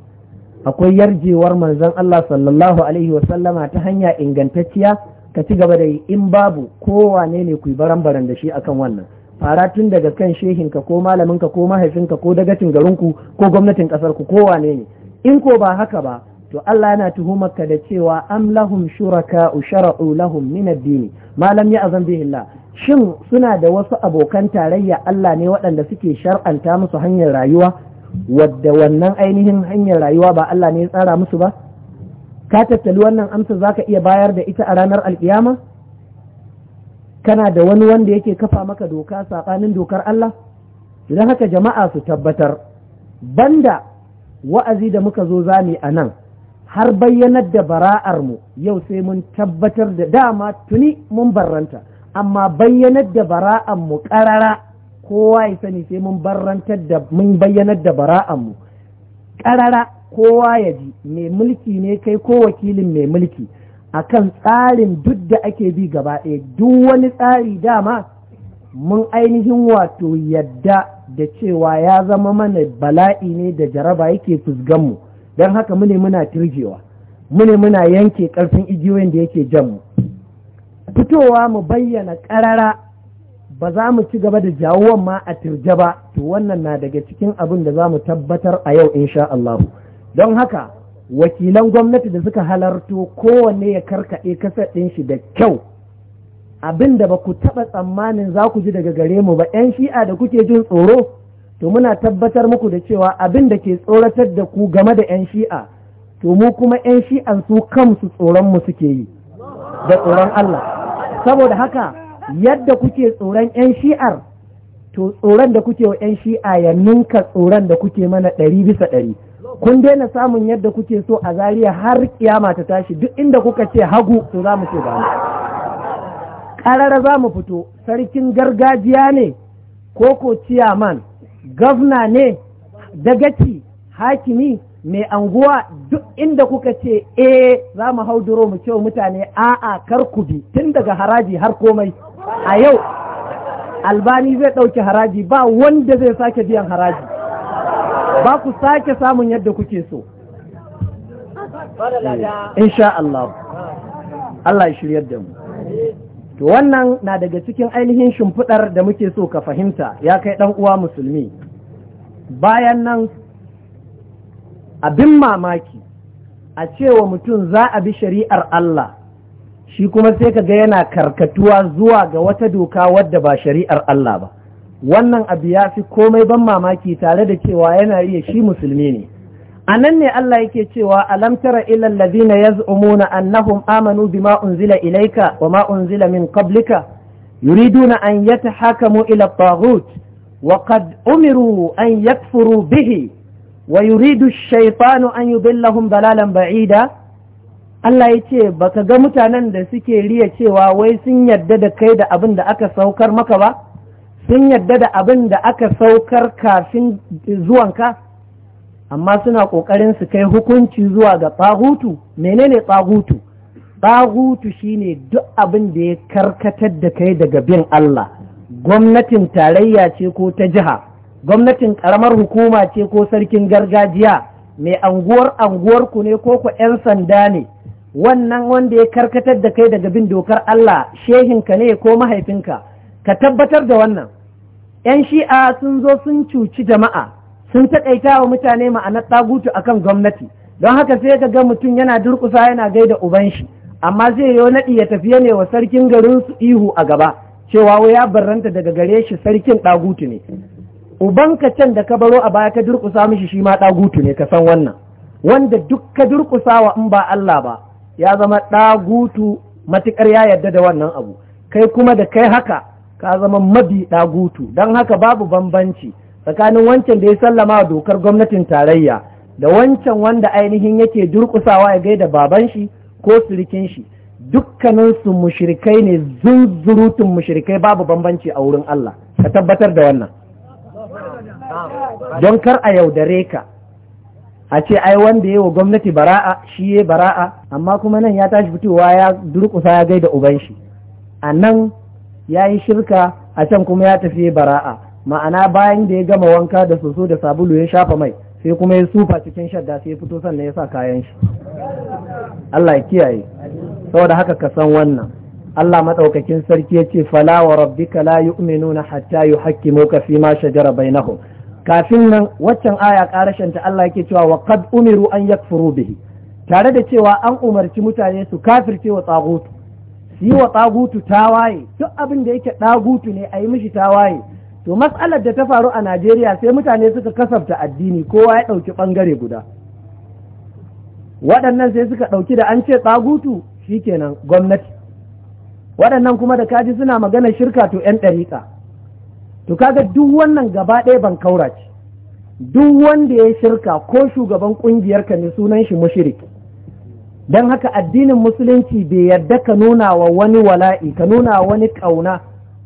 akwai yarjewar manzon Allah sallallahu alaihi sallama ta hanya ingantacciya ka ci gaba da yi in babu kowane ne ku yi baran-baran da shi akan wannan fara tun daga kan shehinka ko malaminka ko mahaifinka ko dagacin ku ko gwamnatin kasar ku kowane ne in ko ba haka ba to Allah yana tuhumarka da cewa am lahum shuraka shara'u lahum min ad din ma lam ya'zan bihi shin suna da wasu abokan tarayya Allah ne waɗanda suke shar'anta musu hanyar rayuwa wadda wannan ainihin hanyar rayuwa ba Allah ne ya tsara musu ba ka tattali wannan amsa za ka iya bayar da ita a ranar alkiyama kana da wani wanda yake kafa maka doka saɓanin dokar Allah idan haka jama'a su tabbatar banda wa'azi da muka zo zami a nan har bayyanar da bara'armu yau sai mun tabbatar da dama tuni mun barranta amma bayyanar da bara'armu ƙarara kowa ya sani sai mun barrantar da mun bayyanar da bara'armu ƙarara kowa ya ji mai mulki ne kai ko wakilin mai mulki akan tsarin duk da ake bi gaba ɗaya duk wani tsari dama mun ainihin wato yadda da cewa ya zama mana bala'i ne da jaraba yake fusganmu don haka mune muna turjewa mune muna yanke ƙarfin igiyoyin da yake janmu fitowa mu bayyana ƙarara ba za mu ci gaba da jawon ma a turje ba to wannan na daga cikin abin da za mu tabbatar a yau insha allahu don haka wakilan gwamnati da suka halarto kowanne ya karkaɗe kasar ɗin shi da kyau abin da ba ku taɓa tsammanin za ku ji daga gare mu ba 'yan shi'a da kuke jin tsoro to muna tabbatar muku da cewa abin da ke tsoratar da ku game da 'yan shi'a to mu kuma 'yan shi'an su kansu tsoron mu suke yi da tsoron Allah saboda haka yadda kuke tsoron 'yan shi'ar to tsoron da kuke wa 'yan shi'a ya ninka tsoron da kuke mana ɗari bisa ɗari kun daina samun yadda kuke so a zariya har kiyama ta tashi duk inda kuka ce hagu to za mu ce ba ƙarara za mu fito sarkin gargajiya ne koko ciyaman gavna ne dagaci hakimi mai anguwa duk inda kuka ce e za mu duro mu ce mutane a'a kar ku bi tun daga haraji har komai a yau albani zai ɗauki haraji ba wanda zai sake biyan haraji ba ku sake samun yadda kuke so eh, insha Allah Allah ya shirya da mu to wannan na daga cikin ainihin shimfiɗar da muke so ka fahimta ya kai ɗan uwa musulmi bayan nan abin mamaki a cewa mutum za a bi shari'ar Allah shi kuma sai ka ga yana karkatuwa zuwa ga wata doka wadda ba shari'ar Allah ba wannan abu ya fi komai ban mamaki tare da cewa yana iya shi musulmi ne a nan ne Allah yake cewa alam tara ilal ladina yaz'umuna annahum amanu bima unzila ilayka wa ma unzila min qablika yuriduna an yatahakamu ila at-taghut wa qad umiru an yakfuru bihi wa yuridu ash-shaytanu an yudillahum dalalan ba'ida Allah ya ce baka ga mutanen da suke riya cewa wai sun yarda da kai da abin da aka saukar maka ba sun yadda da abin da aka saukar kafin zuwanka amma suna ƙoƙarin su kai hukunci zuwa ga tsagutu menene tsagutu tsagutu shine duk abin da ya karkatar da kai daga bin Allah gwamnatin tarayya ce ko ta jiha gwamnatin ƙaramar hukuma ce ko sarkin gargajiya mai anguwar anguwar ku ne ko ku 'yan sanda ne wannan wanda ya karkatar da kai daga bin dokar Allah shehinka ne ko mahaifinka ka tabbatar da wannan ‘yan shi'a sun zo sun cuci jama'a sun taƙaita wa mutane ma'anar ɗagutu kan gwamnati don haka sai ka ga mutum yana durƙusa yana gaida uban shi amma zai yi naɗi ya tafiya ne wa sarkin garinsu ihu a gaba cewa wai ya barranta daga gare shi sarkin ɗagutu ne uban ka can da ka baro a baya ka durƙusa mishi shi ma ɗagutu ne ka san wannan wanda duk ka durƙusa wa in ba Allah ba ya zama ɗagutu matuƙar ya yarda da wannan abu kai kuma da kai haka ka zama mabi ɗagutu don haka babu bambanci tsakanin wancan da ya sallama dokar gwamnatin tarayya da wancan wanda ainihin yake durƙusawa ya gaida baban shi ko sirikin shi dukkaninsu mushrikai ne zunzurutun mushrikai babu bambanci a wurin Allah ka tabbatar da wannan don kar a yaudare ka a ce ai wanda ya wa gwamnati bara'a shi ya bara'a amma kuma nan ya tashi fitowa ya durƙusa ya gaida uban shi a nan ya yi shirka a can kuma ya tafi bara'a ma'ana bayan da ya gama wanka da soso da sabulu ya shafa mai sai kuma ya sufa cikin shadda sai ya fito sannan ya sa kayan shi Allah ya kiyaye saboda haka ka san wannan Allah madaukakin sarki ya ce fala wa rabbika la yu'minuna hatta yuhaqqimuka fi ma shajara bainahum kafin nan waccan aya karashin ta Allah yake cewa wa qad umiru an yakfuru bihi tare da cewa an umarci mutane su kafirce wa tsagutu yi wa tsagutu waye, duk abin da yake ɗagutu ne a yi mishi tawaye to matsalar da ta faru a najeriya sai mutane suka kasafta addini kowa ya ɗauki ɓangare guda waɗannan sai suka ɗauki da an ce tsagutu shikenan gwamnati waɗannan kuma da kaji suna magana shirka to 'yan ɗariƙa to kaga duk wannan gaba ɗaya ban kaura ce duk wanda ya shirka ko shugaban ƙungiyarka ne sunan shi mushriki don haka addinin musulunci bai yarda ka nuna wa wani wala'i ka nuna wani ƙauna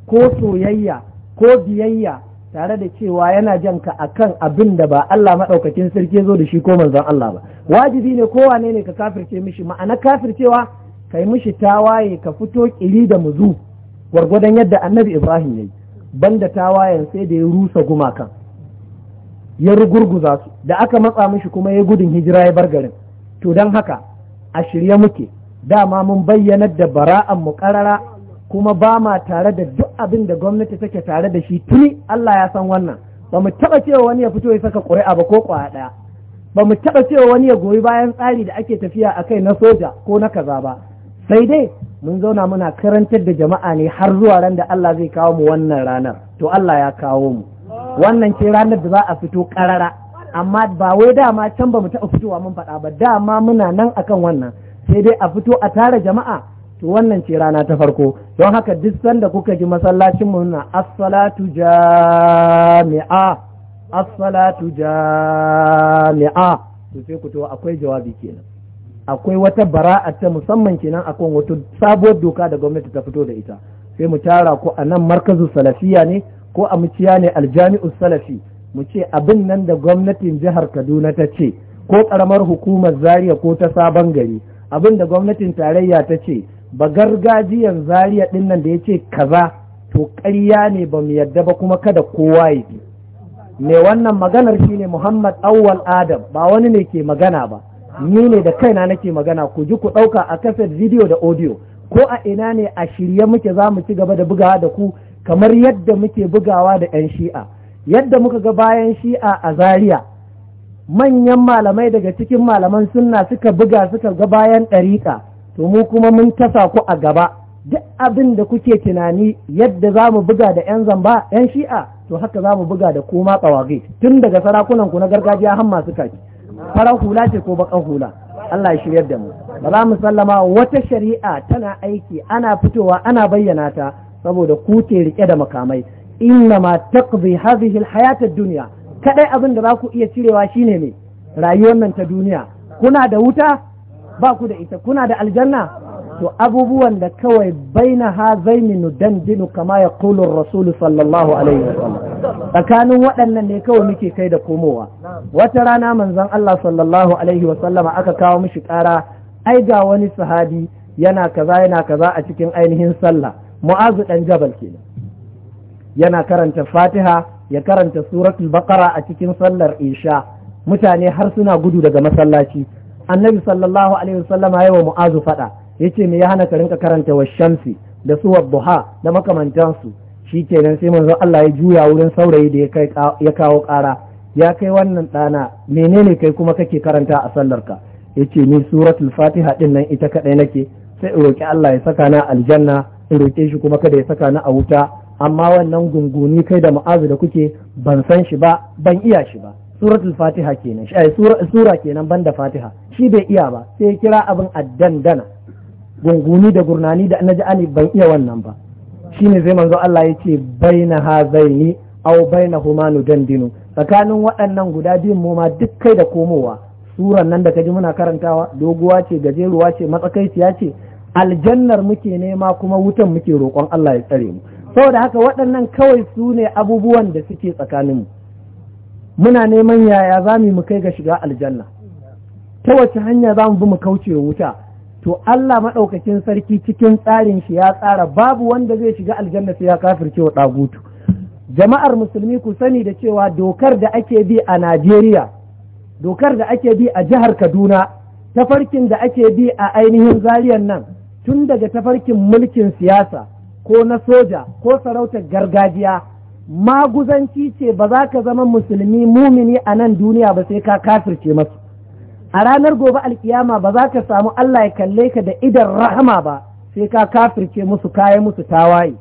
ko soyayya ko biyayya tare da cewa yana jan ka akan abin da ba Allah maɗaukakin sarki zo da shi ko manzon Allah ba wajibi ne Kowa ne ka kafirce mishi ma'ana kafircewa kai mishi tawaye ka fito kiri da muzu gwargwadon yadda annabi Ibrahim ya yi banda tawayen sai da ya rusa gumakan ya rugurguza su da aka matsa mishi kuma ya gudun hijira ya bar garin to don haka a shirye muke dama mun bayyanar da bara'an mu karara kuma ba ma tare da duk abin da gwamnati take tare da shi tuni Allah ya san wannan ba mu taɓa cewa wani ya fito ya saka ƙuri'a ba ko ƙwaya ɗaya ba mu taɓa cewa wani ya goyi bayan tsari da ake tafiya a kai na soja ko na kaza ba sai dai mun zauna muna karantar da jama'a ne har zuwa ran da Allah zai kawo mu wannan ranar to Allah ya kawo mu wannan ce ranar da za a fito ƙarara amma ba wai dama can ba mu taɓa fitowa mun faɗa ba dama muna nan akan wannan sai dai a fito a tara jama'a to wannan ce rana ta farko don haka duk sanda kuka ji masallacin mu na assalatu jami'a assalatu jami'a to sai ku to akwai jawabi kenan akwai wata bara'a ta musamman kenan akan wata sabuwar doka da gwamnati ta fito da ita sai mu tara ko a nan markazu salafiya ne ko a muciya ne aljami'u salafi mu ce abin nan da gwamnatin jihar kaduna ta ce ko karamar hukumar zaria ko ta sabon gari abin da gwamnatin tarayya ta ce ba gargajiyar zaria din nan da ya ce kaza to ƙarya ne ba mu yadda ba kuma kada kowa ya bi me wannan maganar shine muhammad awwal adam ba wani ne ke magana ba ni ne da kaina nake magana ku ji ku ɗauka a kaset video da audio ko a ina ne a shirye muke za mu ci gaba da bugawa da ku kamar yadda muke bugawa da 'yan shi'a yadda muka ga bayan shi'a a Zariya, manyan malamai daga cikin malaman sunna suka buga suka ga bayan ɗariƙa to mu kuma mun tasa ku a gaba duk abin da kuke tunani yadda za mu buga da 'yan zamba 'yan shi'a to haka za mu buga da kuma tsawage tun daga sarakunan ku na gargajiya har masu kaki farar hula ce ko bakan hula Allah ya shiryar da mu ba za mu sallama wata shari'a tana aiki ana fitowa ana bayyana ta saboda ku ke rike da makamai inna ma taqdi hadhihi alhayat ad kadai abin da za ku iya cirewa shine me rayuwar nan ta duniya kuna da wuta baku da ita kuna da aljanna to abubuwan da kawai baina hazaini nudandinu kama ya kulun rasulu sallallahu alaihi wasallam tsakanin waɗannan ne kawai muke kai da komowa wata rana manzon Allah sallallahu alaihi wasallama aka kawo mishi ƙara ai ga wani sahadi yana kaza yana kaza a cikin ainihin sallah mu'azu ɗan jabal kenan yana karanta fatiha ya karanta suratul baqara a cikin sallar isha mutane har suna gudu daga masallaci annabi sallallahu alaihi wasallam ya wa mu'azu fada yace me ya hana ka rinka karanta wa shamsi da suwar buha da makamantansu kenan sai manzo Allah ya juya wurin saurayi da ya kawo ƙara ya kai wannan ɗana menene kai kuma kake karanta a sallar ka yace ni suratul fatiha din nan ita kadai nake sai in roki Allah ya saka na aljanna in roke shi kuma kada ya saka na a wuta amma wannan gunguni kai da mu'azu da kuke ban san shi ba ban iya shi ba suratul fatiha kenan eh, shi ai sura kenan banda fatiha shi bai iya ba sai kira abin addandana gunguni da gurnani da naji ani ban iya wannan ba shine zai manzo Allah ya ce baina hazaini au baina huma nudandinu tsakanin waɗannan guda biyun mu ma duk kai da komowa suran nan da kaji muna karantawa doguwa ce gajeruwa ce matsakaiciya ce aljannar muke nema kuma wutan muke roƙon Allah ya tsare mu saboda haka waɗannan kawai su ne abubuwan da suke tsakaninmu muna neman yaya za mu kai ga shiga aljanna ta wace hanya za mu bi mu kauce wuta to Allah maɗaukakin sarki cikin tsarin shi ya tsara babu wanda zai shiga aljanna sai ya kafirce wa ɗagutu jama'ar musulmi ku sani da cewa dokar da ake bi a Najeriya dokar da ake bi a jihar Kaduna tafarkin da ake bi a ainihin zariyan nan tun daga tafarkin mulkin siyasa ko na soja ko sarautar gargajiya maguzanci ce ba za ka zama musulmi mumini a nan duniya ba sai ka kafirce masu a ranar gobe alkiyama ba za ka samu Allah ya kalle ka da idan rahama ba sai ka kafirce musu kayan musu tawaye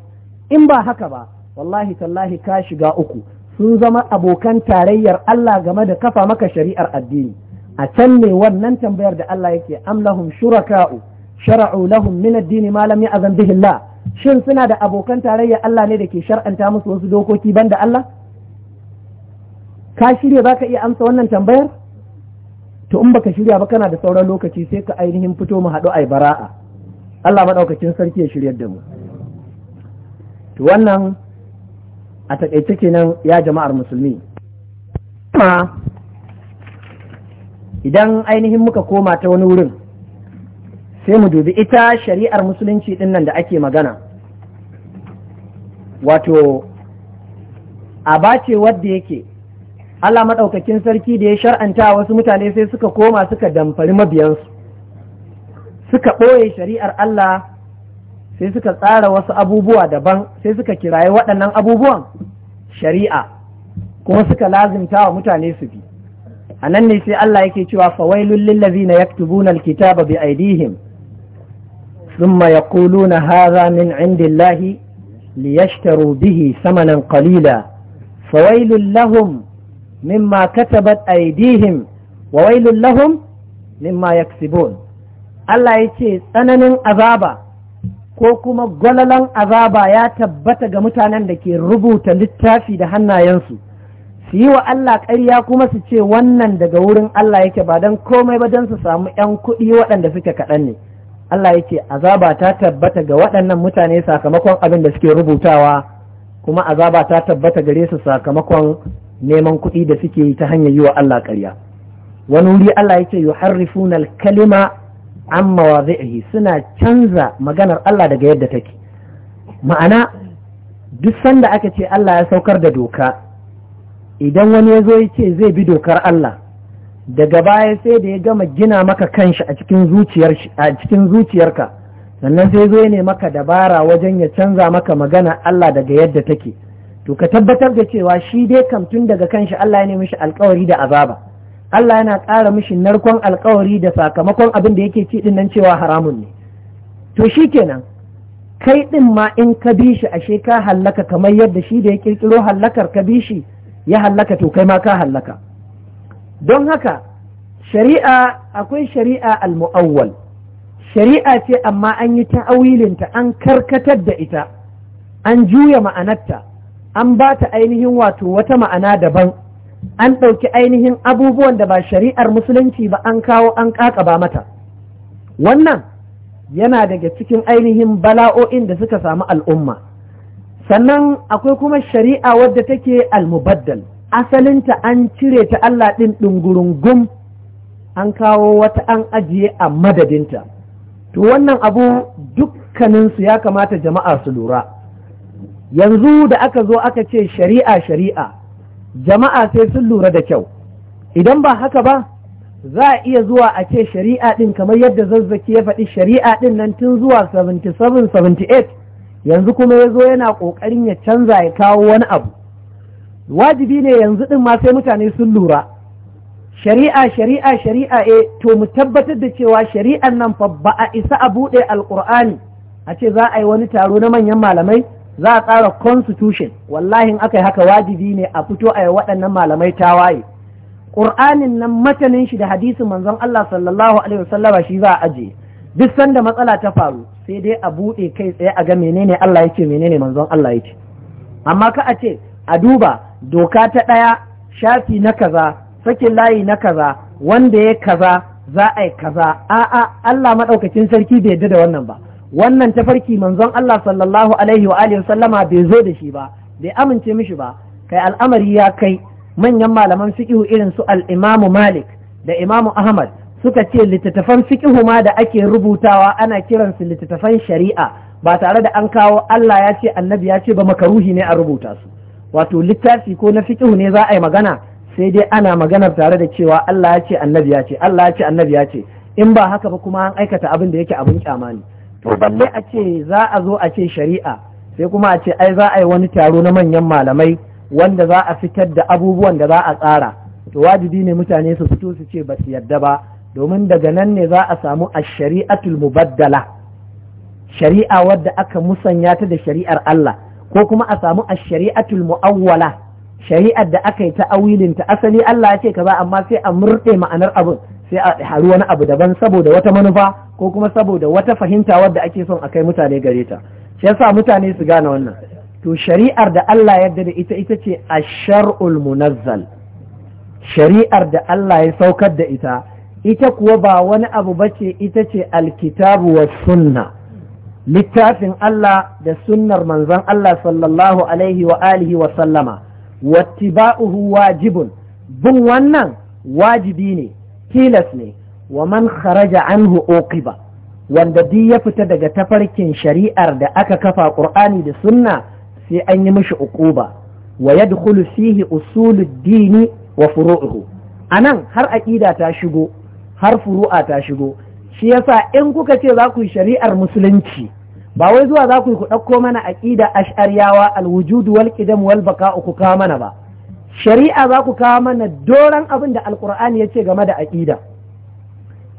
in ba haka ba wallahi tallahi ka shiga uku sun zama abokan tarayyar Allah game da kafa maka shari'ar addini a can ne wannan tambayar da Allah yake amlahum shuraka'u shara'u lahum min ad-din ma lam ya'zan bihi Allah shin suna da abokan tarayya Allah ne da ke shar'anta musu wasu dokoki banda Allah ka shirya za ka iya amsa wannan tambayar to in baka shirya ba kana da sauran lokaci sai ka ainihin fito mu haɗu ai bara'a Allah maɗaukacin sarki ya shiryar da mu to wannan a taƙaice kenan ya jama'ar musulmi idan ainihin muka koma ta wani wurin sai mu dubi ita shari'ar musulunci ɗin nan da ake magana wato abace ce wadda yake Allah maɗaukakin sarki da ya shar'anta wasu mutane sai suka koma suka damfari mabiyansu suka ɓoye shari'ar Allah sai suka tsara wasu abubuwa daban sai suka kiraye waɗannan abubuwan shari'a kuma suka lazimta wa mutane su bi a nan ne sai Allah yake cewa fawailul lillazina yaktubuna alkitaba bi aidihim thumma yaquluna hadha min indillahi ليشتروا به ثمنا قليلا فويل لهم مما كتبت أيديهم وويل لهم مما يكسبون Allah ya ce tsananin azaba ko kuma gwalalan azaba ya tabbata ga mutanen da ke rubuta littafi da hannayensu su yi wa Allah ƙarya kuma su ce wannan daga wurin Allah yake ba don komai ba don su samu 'yan kuɗi waɗanda suke kaɗan ne. Allah ya ce azaba ta tabbata ga waɗannan mutane sakamakon abin da suke rubutawa kuma azaba ta tabbata gare su sakamakon neman kuɗi da suke yi ta hanyar yi wa Allah ƙarya wani wuri Allah ya ce harri al-kalima an mawazi'ihi suna canza maganar Allah daga yadda take ma'ana duk sanda aka ce Allah ya saukar da doka idan wani ya zo ya ce zai bi dokar Allah daga baya sai da ya gama gina maka kanshi a cikin zuciyar a cikin zuciyarka sannan sai zo ne maka dabara wajen ya canza maka magana Allah daga yadda take to ka tabbatar da cewa shi dai kam tun daga kanshi Allah ya nemi mishi alkawari da azaba Allah yana ƙara mishi narkon alkawari da sakamakon abin da yake ci nan cewa haramun ne to shi kenan kai din ma in ka bi shi ashe ka hallaka kamar yadda shi da ya kirkiro hallakar ka bi shi ya hallaka to kai ma ka hallaka don haka shari'a akwai shari'a al-mu'awwal shari'a ce amma an yi ta'awilinta an karkatar da ita an juya ma'anarta an ba ta ainihin wato wata ma'ana daban an ɗauki ainihin abubuwan da ba shari'ar musulunci ba an kawo an ƙaƙaba mata wannan yana daga cikin ainihin bala'o'in da suka samu al'umma sannan akwai kuma shari'a wadda take al-mubaddal asalinta an cire ta Allah ɗin gum, an kawo wata an ajiye a madadinta to wannan abu dukkaninsu ya kamata jama'a su lura yanzu da aka zo aka ce shari'a shari'a jama'a sai sun lura da kyau idan ba haka ba za a iya zuwa a ce shari'a ɗin kamar yadda zazzaki ya faɗi shari'a ɗin nan tun zuwa 77-78 yanzu kuma ya zo yana ƙoƙarin ya canza ya kawo wani abu wajibi ne yanzu ɗin ma sai mutane sun lura shari'a shari'a shari'a e to mu tabbatar da cewa shari'an nan fa ba a isa a buɗe alƙur'ani a ce za a yi wani taro na manyan malamai za a tsara constitution wallahi in aka yi haka wajibi ne a fito a yi waɗannan malamai tawaye ƙur'anin nan matanin shi da hadisin manzon Allah sallallahu alaihi wasallama shi za a aje duk sanda matsala ta faru sai dai a buɗe kai tsaye a ga menene Allah yake menene manzon Allah yake amma ka a ce a duba doka ta ɗaya shafi na kaza sakin layi na kaza wanda ya kaza za a yi kaza a'a Allah maɗaukacin sarki bai yarda da wannan ba wannan tafarki manzon Allah sallallahu alaihi wa alihi sallama bai zo da shi ba bai amince mishi ba kai al'amari ya kai manyan malaman fiqhu irin su al-Imam Malik da Imam Ahmad suka ce littattafan fiqhu ma da ake rubutawa ana kiransu littattafan shari'a ba tare da an kawo Allah ya ce annabi ya ce ba makaruhi ne a rubuta su wato littafi ko na fiƙihu ne za a yi magana sai dai ana maganar tare da cewa Allah ya ce annabi ya ce Allah ya ce annabi ya ce in ba haka ba kuma an aikata abin da yake abin kyama ne to balle a ce za a zo a ce shari'a sai kuma a ce ai za a yi wani taro na manyan malamai wanda za a fitar da abubuwan da za a tsara to wajibi ne mutane su fito su ce ba su yadda ba domin daga nan ne za a samu a shari'atul mubaddala shari'a wadda aka musanya ta da shari'ar Allah ko kuma a samu a shariatul mu'awwala shari'ar da aka yi ta awilin ta asali Allah ya ce kaza amma sai a murɗe ma'anar abin sai a haru wani abu daban saboda wata manufa ko kuma saboda wata fahimta wadda ake son a kai mutane gare ta shi yasa mutane su gane wannan to shari'ar da Allah ya da ita ita ce ash-shar'ul munazzal shari'ar da Allah ya saukar da ita ita kuwa ba wani abu bace ita ce alkitabu was sunna littafin Allah da sunnar manzon Allah sallallahu alaihi wa alihi wa sallama wattiba'uhu wajibun bin wannan wajibi ne tilas ne wa man kharaja anhu uqiba wanda duk ya fita daga tafarkin shari'ar da aka kafa qur'ani da sunna sai an yi mishi uquba wa yadkhulu fihi usuluddini wa furu'uhu anan har aqida ta shigo har furu'a ta shigo shi yasa in kuka ce za ku yi shari'ar musulunci ba wai zuwa za ku yi ku ɗauko mana aƙida ash'ariyawa alwujudu wal qidam wal baka, ku kawo mana ba shari'a za ku kawo mana doron abin da alqur'ani ya ce game da aƙida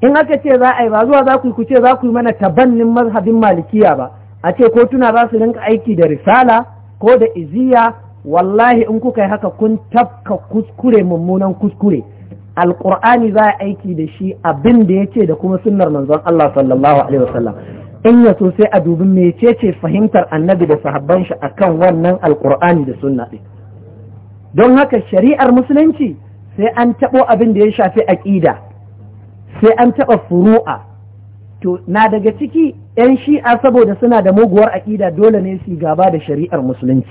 in aka ce za a yi ba zuwa za ku yi ku ce za ku yi mana tabannin mazhabin malikiya ba a ce kotuna za su rinka aiki da risala ko da iziya wallahi in kuka yi haka kun tafka kuskure mummunan kuskure Alƙur'ani za a aiki da shi abin da ya ce da kuma sunnar manzon Allah sallallahu alaihi wasallam in ya so sai a dubi mecece fahimtar annabi da sahabban shi kan wannan alkur'ani da sunna ɗin don haka shari'ar musulunci sai an taɓo abin da ya shafi aƙida sai an taɓa furu'a to na daga ciki 'yan shi'a saboda suna da muguwar aƙida dole ne su gaba da shari'ar musulunci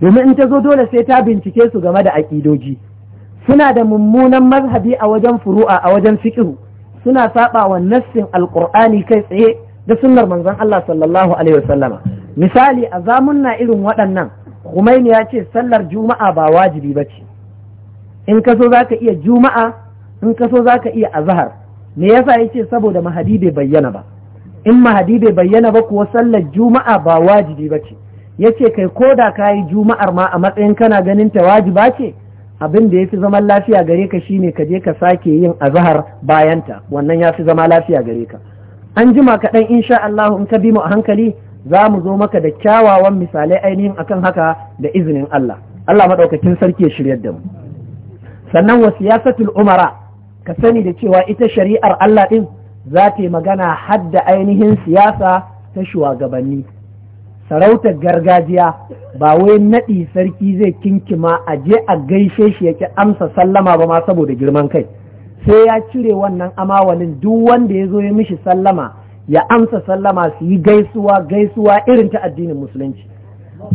domin in ta zo dole sai ta bincike su game da aƙidoji suna da mummunan mazhabi a wajen furu'a a wajen fiƙihu suna saɓa wa nassin alƙur'ani kai tsaye da sunnar manzon Allah sallallahu alaihi wasallama misali a zamunna irin waɗannan Khumaini ya ce sallar juma'a ba wajibi ba ce in ka so zaka iya juma'a in ka so zaka iya azhar me yasa yace saboda mahadi bai bayyana ba in mahadi bai bayyana ba kuwa sallar juma'a ba wajibi ba ce yace kai koda kayi juma'ar ma a matsayin kana ganin ta wajiba ce abin da ya fi zaman lafiya gare ka shine ka je ka sake yin azahar bayanta wannan ya fi zama lafiya gare ka an jima kaɗan sha Allah in ka bi mu a hankali za mu zo maka da kyawawan misalai ainihin akan haka da izinin Allah Allah maɗaukakin sarki ya shiryar da mu sannan wa siyasatul umara ka sani da cewa ita shari'ar Allah ɗin za ta yi magana hadda ainihin siyasa ta shugabanni sarautar gargajiya ba wai naɗi sarki zai kinkima a je a gaishe shi ya yake amsa sallama ba ma saboda girman kai sai ya cire wannan amawalin duk wanda ya zo ya mishi sallama ya amsa sallama su yi gaisuwa gaisuwa irin ta addinin musulunci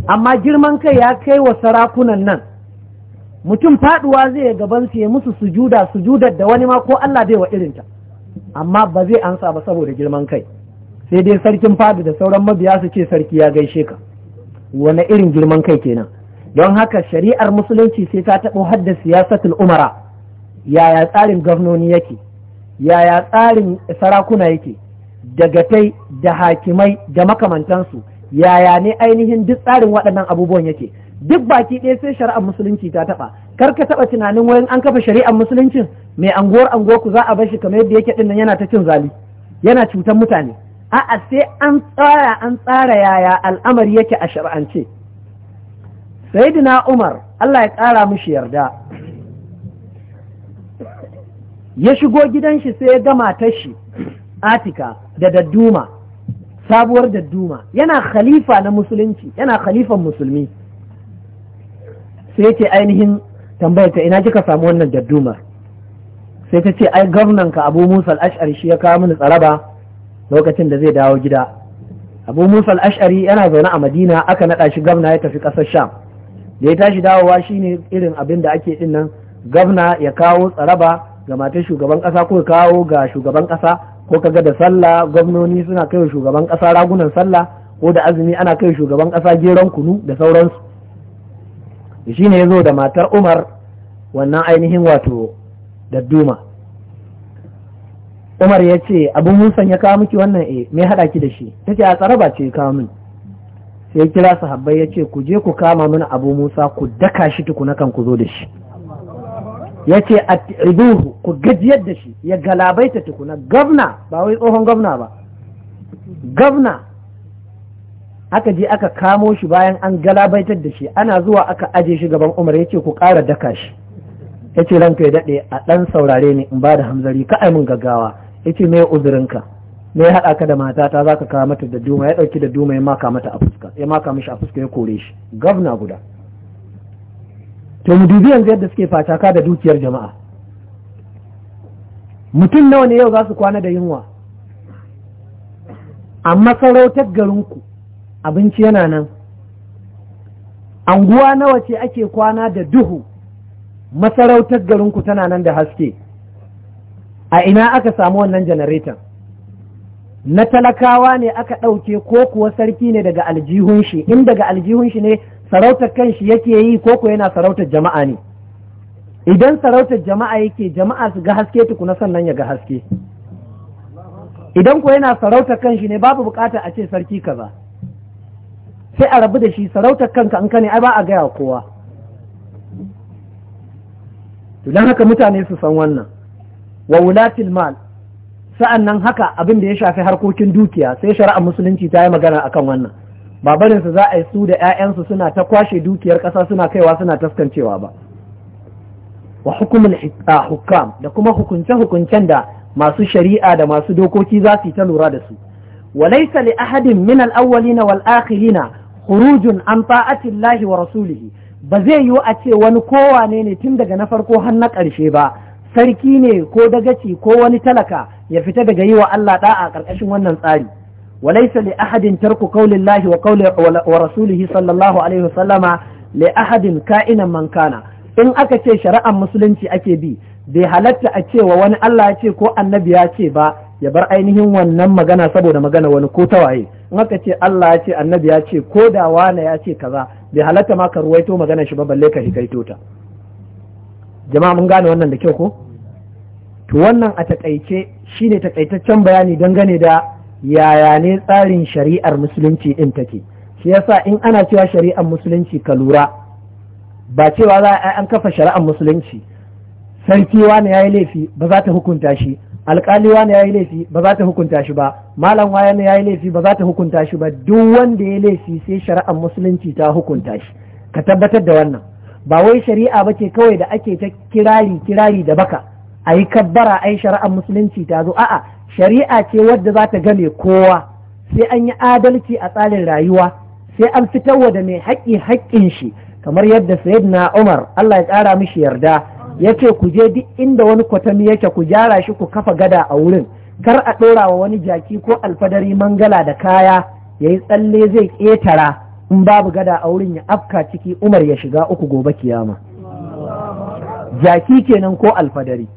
amma girman kai ya kai wa sarakunan nan mutum faduwa zai gaban su ya musu sujuda sujudar da wani ma ko Allah bai wa irinta amma ba zai amsa ba saboda girman kai sai dai sarkin fadu da sauran mabiya su ce sarki ya gaishe ka wani irin girman kai kenan don haka shari'ar musulunci sai ta taɓo hadda siyasatul umara yaya tsarin gwamnoni yake yaya tsarin sarakuna yake dagatai da hakimai da makamantansu yaya ne ainihin duk tsarin waɗannan abubuwan yake duk baki ɗaya sai shari'ar musulunci ta taɓa kar ka taɓa tunanin wayan an kafa shari'ar musuluncin mai anguwar anguwar ku za a bar shi kamar yadda yake ɗinnan yana ta cin zali yana cutar mutane a'a sai an tsara an tsara yaya al'amari yake a shari'ance sayyidina umar Allah ya ƙara mishi yarda ya shigo gidan shi sai ya ga matar shi atika da dadduma sabuwar dadduma yana khalifa na musulunci yana khalifan musulmi sai ce ainihin tambayar ta ina kika samu wannan dadduma sai ta ce ai gwamnan ka abu musa al-ash'ari shi ya kawo mini tsaraba lokacin da zai dawo gida abu musa al-ash'ari yana zaune a madina aka naɗa shi gwamna ya tafi ƙasar sham da ya tashi dawowa shine irin abin da ake din nan gwamna ya kawo tsaraba ga matar shugaban ƙasa ko kawo ga shugaban ƙasa ko ka ga da sallah gwamnoni suna kai shugaban ƙasa ragunan sallah ko da azumi ana kai shugaban ƙasa geron kunu da sauransu shi ne ya zo da matar umar wannan ainihin wato da duma umar ya ce abin musan ya kawo miki wannan eh? me haɗa ki da shi ta ce a tsaraba ce kawo min sai kira sahabbai ya ce ku je ku kama mana abu musa ku daka shi tukuna kan ku zo da shi ya ce a riduhu ku gajiyar da shi ya galabaita tukuna gwamna ba wai tsohon gwamna ba gwamna aka je aka kamo shi bayan an galabaitar da shi ana zuwa aka aje shi gaban umar ya ce ku ƙara daka shi ya ce ranka ya daɗe a ɗan saurare ne in ba da hamzari ka aimin gaggawa ya ce me uzurinka me ya haɗa ka da matata za ka kawo mata da duma ya ɗauki da duma ya maka mata a fuska ya maka mishi a fuska ya kore shi gwamna guda to mu dubi yanzu yadda suke fataka da dukiyar jama'a mutum nawa ne yau za su kwana da yunwa a masarautar garinku abinci yana nan anguwa nawa ce ake kwana da duhu masarautar garinku tana nan da haske a ina aka samu wannan janareton na talakawa ne aka ɗauke ko kuwa sarki ne daga aljihun shi in daga aljihun shi ne sarautar kanshi yake yi ko ko yana sarautar jama'a ne idan sarautar jama'a yake jama'a su ga haske tukuna sannan ya ga haske idan ko yana sarautar kanshi ne babu bukata a ce sarki kaza sai a rabu da shi sarautar kanka an kane ai ba a gaya kowa don haka mutane su san wannan wa wulatil mal Sa'annan haka abin da ya shafi harkokin dukiya sai shari'ar musulunci ta yi magana akan wannan ba za a yi su da 'ya'yansu suna ta kwashe dukiyar ƙasa suna kaiwa suna taskancewa ba wa hukumul hukam da kuma hukunce-hukuncen da masu shari'a da masu dokoki za su yi ta lura da su wa laysa li ahadin min al-awwalina wal akhirina khurujun an ta'ati Allah wa rasulih ba zai yiwu a ce wani kowane ne tun daga na farko har na ƙarshe ba sarki ne ko dagaci ko wani talaka ya fita daga yi wa Allah da'a ƙarƙashin wannan tsari وليس لأحد ترك قول الله وقول ورسوله صلى الله عليه وسلم لأحد كائنا من كان in aka ce shari'ar musulunci ake bi bai halatta a ce wa wani Allah ya ce ko annabi ya ce ba ya bar ainihin wannan magana saboda magana wani ko ta waye. in aka ce Allah ya ce annabi ya ce ko da wani ya ce kaza bai halatta ma ka ruwaito magana shi ba balle ka hikaito ta jama'a mun gane wannan da kyau ko to wannan a takaice shine takaitaccen bayani dangane da yaya ne tsarin shari'ar musulunci ɗin take shi yasa in ana cewa shari'ar musulunci ka lura ba cewa za a an kafa shari'ar musulunci sarki wani ya yi laifi ba za ta hukunta shi alkali wani ya yi laifi ba za ta hukunta shi ba malam wani yi laifi ba za ta hukunta shi ba duk wanda ya laifi sai shari'ar musulunci ta hukunta shi ka tabbatar da wannan ba wai shari'a ba ce kawai da ake ta kirari kirari da baka a yi kabbara a yi shari'ar musulunci ta zo a'a shari'a ce wadda za ta game kowa sai an yi adalci a tsarin rayuwa sai an wa da mai haƙƙi haƙƙin shi kamar yadda na umar allah ya ƙara mishi yarda ya ce ku je duk inda wani kwatami yake ku gyara shi ku kafa gada a wurin kar a ɗora wa wani jaki ko alfadari mangala da kaya ya yi tsalle zai ƙetara in babu gada a wurin ya afka ciki umar ya shiga uku gobe kiyama jaki kenan ko alfadari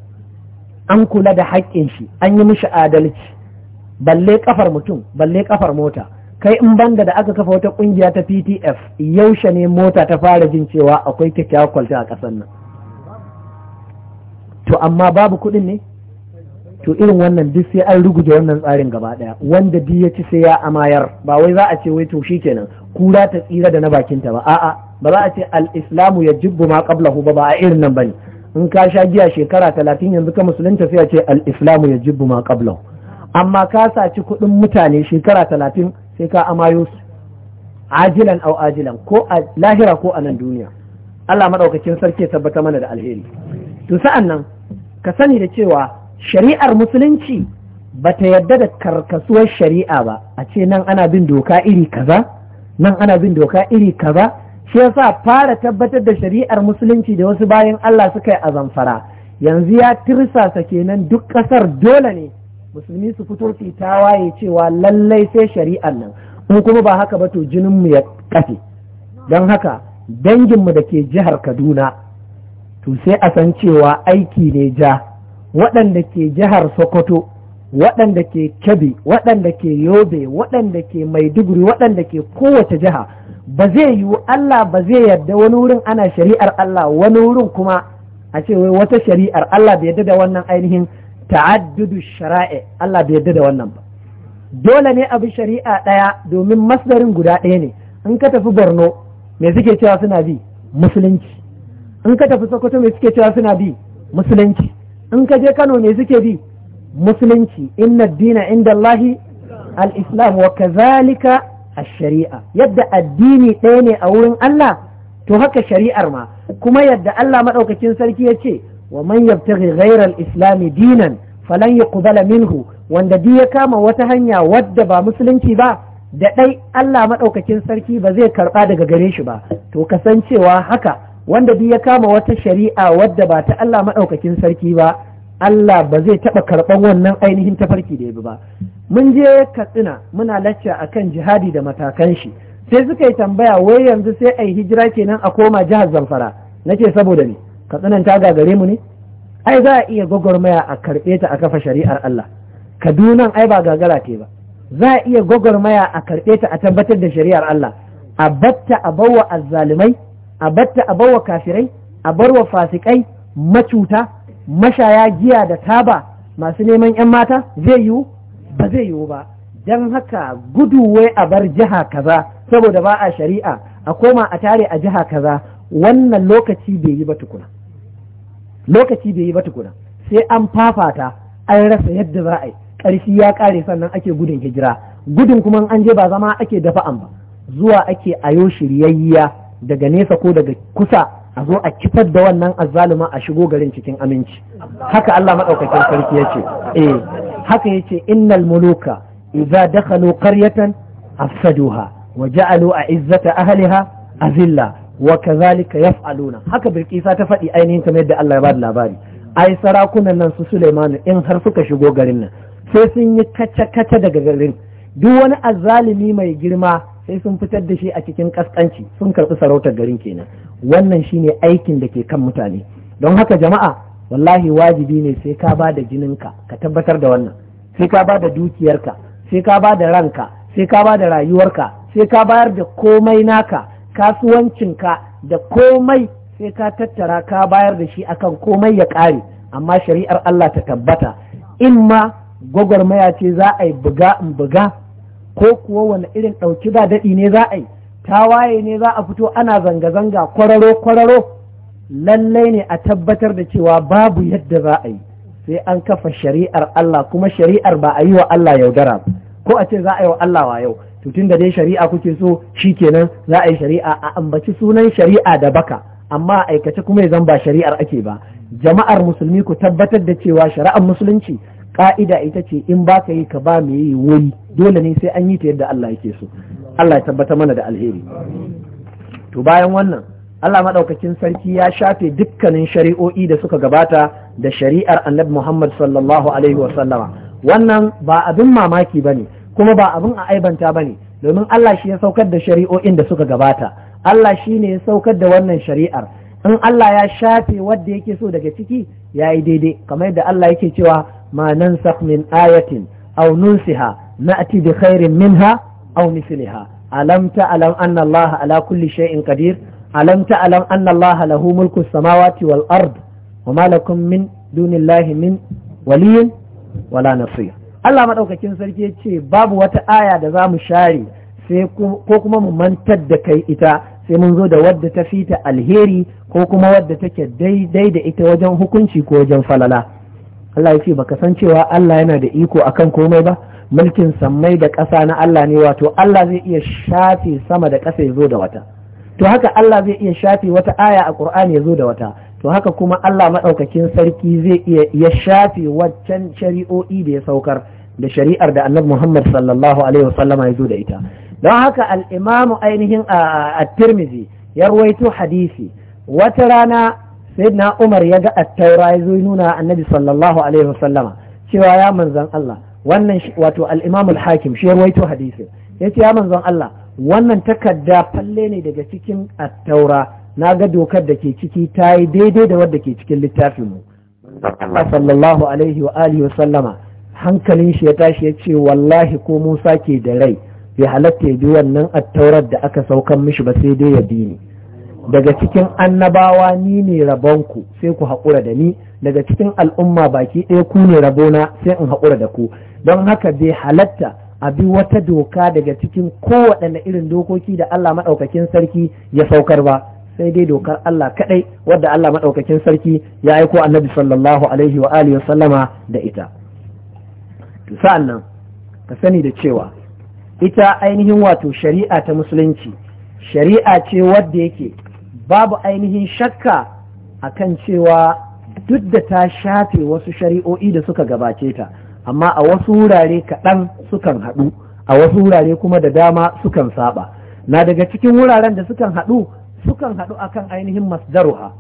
an kula da haƙƙin shi an yi mishi adalci balle kafar mutum balle kafar mota kai in banda da aka kafa wata kungiya ta PTF yaushe ne mota ta fara jin cewa akwai kyakkyawar kwalta a ƙasar nan to amma babu kuɗin ne to irin wannan duk sai an ruguje wannan tsarin gaba ɗaya wanda duk ya ci sai ya amayar ba wai za a ce wai to kenan kura ta tsira da na bakinta ba a'a ba za a ce al-islamu yajibbu ma qablahu ba ba a irin nan bane in ka sha giya shekara talatin yanzu ka musulunta sai a ce al ya jibbu ma qablahu amma ka saci kuɗin mutane shekara talatin sai ka amayo su ajilan au ajilan ko a lahira ko a nan duniya Allah maɗaukakin sarki ya tabbata mana da alheri to sa'an nan ka sani da cewa shari'ar musulunci ba ta yarda da karkasuwar shari'a ba a ce nan ana bin doka iri kaza nan ana bin doka iri kaza shi yasa fara tabbatar da shari'ar musulunci da wasu bayan Allah suka yi a zamfara yanzu ya tirsasa kenan duk ƙasar dole ne musulmi su fito su tawaye cewa lallai sai shari'ar nan in kuma ba haka ba to jinin mu ya kafe don haka danginmu da ke jihar kaduna to sai a san cewa aiki ne ja waɗanda ke jihar sokoto waɗanda ke kebbi waɗanda ke yobe waɗanda ke maiduguri waɗanda ke kowace jiha ba zai yiwu Allah ba zai yarda wani wurin ana shari'ar Allah wani wurin kuma a ce wai wata shari'ar Allah bai yarda da wannan ainihin ta'addudu shara'i Allah bai yarda da wannan ba dole ne abu shari'a ɗaya domin masdarin guda ɗaya ne in ka tafi Borno me suke cewa suna bi musulunci in ka tafi Sokoto me suke cewa suna bi musulunci in ka je Kano me suke bi musulunci inna dina inda Allahi al-islam wa kazalika shari'a yadda addini ɗaya ne a wurin Allah to haka shari'ar ma kuma yadda Allah maɗaukakin sarki ya ce wa man yabtaghi ghayra al-islami dinan falan yuqbala minhu wanda di ya kama wata hanya wadda ba musulunci ba da ɗai Allah maɗaukakin sarki ba zai karɓa daga gare shi ba to kasancewa haka wanda di ya kama wata shari'a wadda ba ta Allah maɗaukakin sarki ba Allah ba zai taɓa karɓar wannan ainihin tafarki da ya bi ba mun je katsina muna lacca a kan jihadi da matakan shi sai suka yi tambaya wai yanzu sai a yi hijira kenan a koma jihar zamfara nace saboda ne katsinan ta gagare mu ne ai za a iya gwagwarmaya a karɓe ta a kafa shari'ar Allah kadunan ai ba gagara ce ba za a iya gwagwarmaya a karɓe ta a tabbatar da shari'ar Allah a batta a bawa azzalumai a batta a bawa kafirai a barwa fasikai macuta mashaya giya da taba masu neman 'yan mata zai yiwu ba zai yiwu ba don haka gudu wai a bar jiha kaza saboda ba a shari'a a koma a tare a jiha kaza wannan lokaci bai yi ba tukuna lokaci bai yi ba tukuna sai an fafata an rasa yadda za a yi ƙarfi ya ƙare sannan ake gudun hijira gudun kuma an je ba zama ake dafa an ba zuwa ake a ayo shiryayya daga nesa ko daga kusa a zo a kifar da wannan azzaluma a shigo garin cikin aminci haka Allah madaukakin sarki ya ce eh haka yace innal muluka idza dakhalu qaryatan afsaduha wa ja'alu a'izzata ahliha azilla wa kadhalika yaf'aluna haka bilqisa ta faɗi ainihin kamar yadda Allah ya bada labari ai sarakunan nan su Suleimanu in har suka shigo garin nan sai sun yi kace-kace daga garin duk wani azzalimi mai girma sai sun fitar da shi a cikin kaskanci sun karɓi sarautar garin kenan wannan shine aikin da ke kan mutane don haka jama'a wallahi wajibi ne sai ka ba da jininka ka tabbatar da wannan sai ka ba da dukiyarka sai ka ba da ranka sai ka ba da rayuwarka sai ka bayar da komai naka kasuwancinka da komai sai ka tattara ka bayar da shi akan komai ya ƙare amma shari'ar Allah ta tabbata in ma gwagwarmaya ce za a yi buga in buga ko kuwa wani irin ɗauki ba daɗi ne za a yi tawaye ne za a fito ana zanga-zanga kwararo-kwararo lallai ne a tabbatar da cewa babu yadda za a yi sai an kafa shari'ar Allah kuma shari'ar ba a yi wa Allah yaudara ko a ce za a yi wa Allah wa yau to da dai shari'a kuke so shi kenan za a yi shari'a a ambaci sunan shari'a da baka amma a aikace kuma ya ba shari'ar ake ba jama'ar musulmi ku tabbatar da cewa shari'ar musulunci ƙa'ida ita ce in ba ka yi ka ba mai yi wuri dole ne sai an yi ta yadda Allah yake so Allah ya tabbata mana da alheri to bayan wannan Allah maɗaukakin sarki ya shafe dukkanin shari'o'i da suka gabata da shari'ar Annabi Muhammad sallallahu alaihi wa wannan ba abin mamaki ba ne, kuma ba abin a aibanta ba ne, domin Allah shi ya saukar da shari'o'in da suka gabata Allah shi ne ya saukar da wannan shari'ar in Allah ya shafe wadda yake so daga ciki ya yi daidai kamar yadda Allah yake cewa ma nan min ayatin aw nunsiha ati bi khairin minha aw misliha alam ta'lam anna Allah ala kulli shay'in qadir alam ta'lam anna Allah mulku samawati wal ard wa ma lakum min dunillahi min waliyin wala nasir Allah madaukakin sarki ya ce babu wata aya da za mu share sai ko kuma mu mantar da kai ita sai mun zo da wadda ta fita alheri ko kuma wadda take daidai da ita wajen hukunci ko wajen falala Allah ya ce baka san cewa Allah yana da iko akan komai ba mulkin sammai da ƙasa na Allah ne wato Allah zai iya shafe sama da ƙasa ya zo da wata to haka Allah zai iya shafe wata aya a Qur'ani ya zo da wata to haka kuma Allah maɗaukakin sarki zai iya ya shafe waccan shari'o'i da ya saukar da shari'ar da Annabi Muhammad sallallahu alaihi wasallama ya zo da ita don haka al-Imam ainihin at-Tirmidhi ya ruwaito hadisi wata rana na Umar ya ga attaura taura ya zo nuna annabi sallallahu alaihi sallama. cewa ya manzon Allah wannan wato al-Imam al-Hakim shi rawaito hadisi yace ya manzon Allah wannan takarda falle ne daga cikin attaura taura na ga dokar da ke ciki ta yi daidai da wadda ke cikin littafin mu sallallahu alaihi wa alihi wa sallama hankalin shi ya tashi ya ce wallahi ko Musa ke da rai bai halatta ya bi wannan attaurar da aka saukan mishi ba sai dai ya bi ni daga cikin annabawa ni ne rabonku sai ku haƙura da ni daga cikin al'umma baki ɗaya ku ne rabona sai in haƙura da ku don haka bai halatta a bi wata doka daga cikin kowaɗanne irin dokoki da Allah maɗaukakin sarki ya saukar ba sai dai dokar Allah kaɗai wadda Allah maɗaukakin sarki ya aiko annabi sallallahu alaihi wa alihi sallama da ita sa'an nan ka sani da cewa ita ainihin wato shari'a ta musulunci shari'a ce wadda yake babu ainihin shakka akan cewa duk da ta shafe wasu shari'o'i da suka gabace ta amma a wasu wurare kaɗan sukan haɗu a wasu wurare kuma da dama sukan saba na daga cikin wuraren da sukan haɗu sukan haɗu akan ainihin masdaruha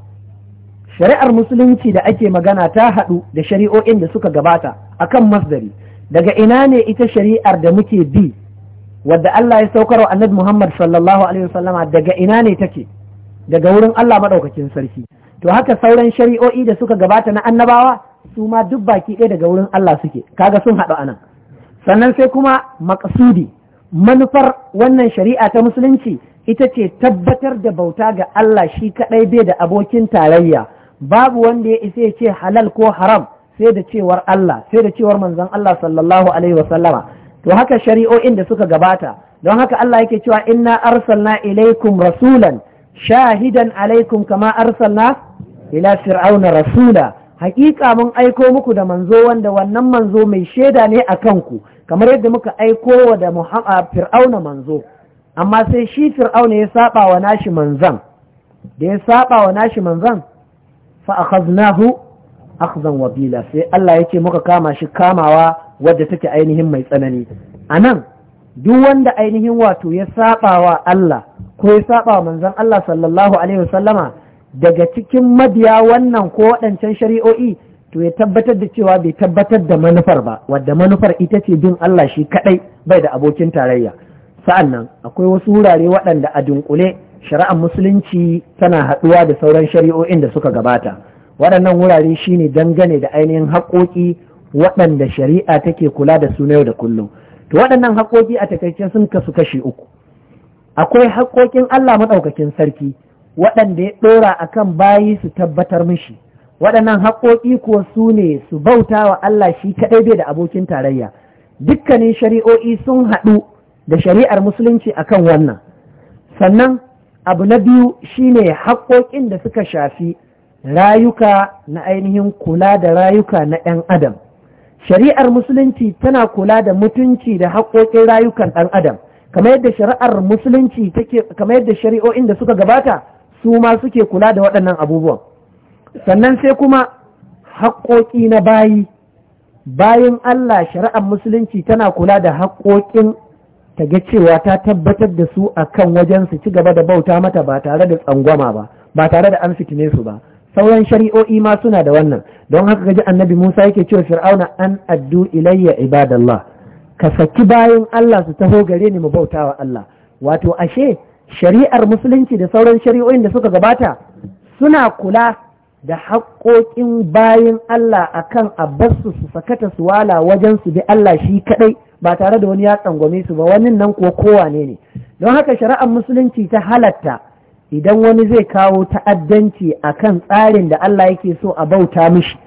shari'ar musulunci da ake magana ta haɗu da shari'o'in da suka gabata akan masdari daga ina ne ita shari'ar da muke bi wadda Allah ya saukar wa annabi Muhammad sallallahu alaihi wasallama daga ina ne take daga wurin Allah maɗaukacin sarki to haka sauran shari'o'i da suka gabata na annabawa su ma duk baki ɗaya daga wurin Allah suke kaga sun haɗu anan sannan sai kuma maƙasudi manufar wannan shari'a ta musulunci ita ce tabbatar da bauta ga Allah shi kaɗai bai da abokin tarayya babu wanda ya isa ya ce halal ko haram sai da cewar Allah sai da cewar manzon Allah sallallahu alaihi wasallama to haka shari'o'in da suka gabata don haka Allah yake cewa inna arsalna ilaikum rasulan shahidan alaikum kama arsalna ila fir'auna rasula Haƙiƙa mun aiko muku da manzo wanda wannan manzo mai shaida ne a kanku kamar yadda muka aiko wa da fir'auna manzo amma sai shi fir'auna ya saba wa nashi manzan da ya saba wa nashi manzan fa akhadnahu akhzan wabila sai Allah yake muka kama shi kamawa wadda take ainihin mai tsanani a nan. duk wanda ainihin wato ya saba wa Allah ko ya saba manzan Allah sallallahu alaihi wasallama daga cikin mabiya wannan ko waɗancan shari'o'i to ya tabbatar da cewa bai tabbatar da manufar ba wadda manufar ita ce bin Allah shi kaɗai bai da abokin tarayya sa'annan akwai wasu wurare waɗanda a dunkule shari'ar musulunci tana haɗuwa da sauran shari'o'in da suka gabata waɗannan wurare shine dangane da ainihin haƙoƙi waɗanda shari'a take kula da su na yau da kullum to waɗannan haƙoƙi a takaice sun kasu kashi uku akwai haƙoƙin Allah maɗaukakin sarki waɗanda ya ɗora a kan bayi su tabbatar mishi waɗannan haƙoƙi kuwa su ne su bauta wa Allah shi kaɗai bai da abokin tarayya dukkanin shari'o'i sun haɗu da shari'ar musulunci akan wannan sannan abu na biyu shine haƙoƙin da suka shafi rayuka na ainihin kula da rayuka na 'yan adam shari'ar musulunci tana kula da mutunci da haƙoƙin rayukan ɗan adam kamar yadda shari'ar musulunci take kamar yadda shari'o'in da suka gabata su ma suke kula da waɗannan abubuwan sannan sai kuma haƙoƙi na bayi bayan Allah shari'ar musulunci tana kula da haƙoƙin ta ga cewa ta tabbatar da su akan wajen su ci gaba da bauta mata ba tare da tsangwama ba ba tare da an fitine su ba sauran shari'o'i ma suna da wannan don haka gaji annabi Musa yake cewa fir'auna an addu ilayya ibadallah ka saki bayan Allah su taho gare ni mu bautawa Allah wato ashe shari'ar musulunci da sauran shari'o'in da suka gabata suna kula da haƙoƙin bayan Allah akan abbasu su sakata su wala wajen su bi Allah shi kadai ba tare da wani ya tsangwame su ba wannan nan kuwa kowane ne don haka shari'ar musulunci ta halatta idan wani zai kawo ta'addanci a kan tsarin da Allah yake so a bauta mishi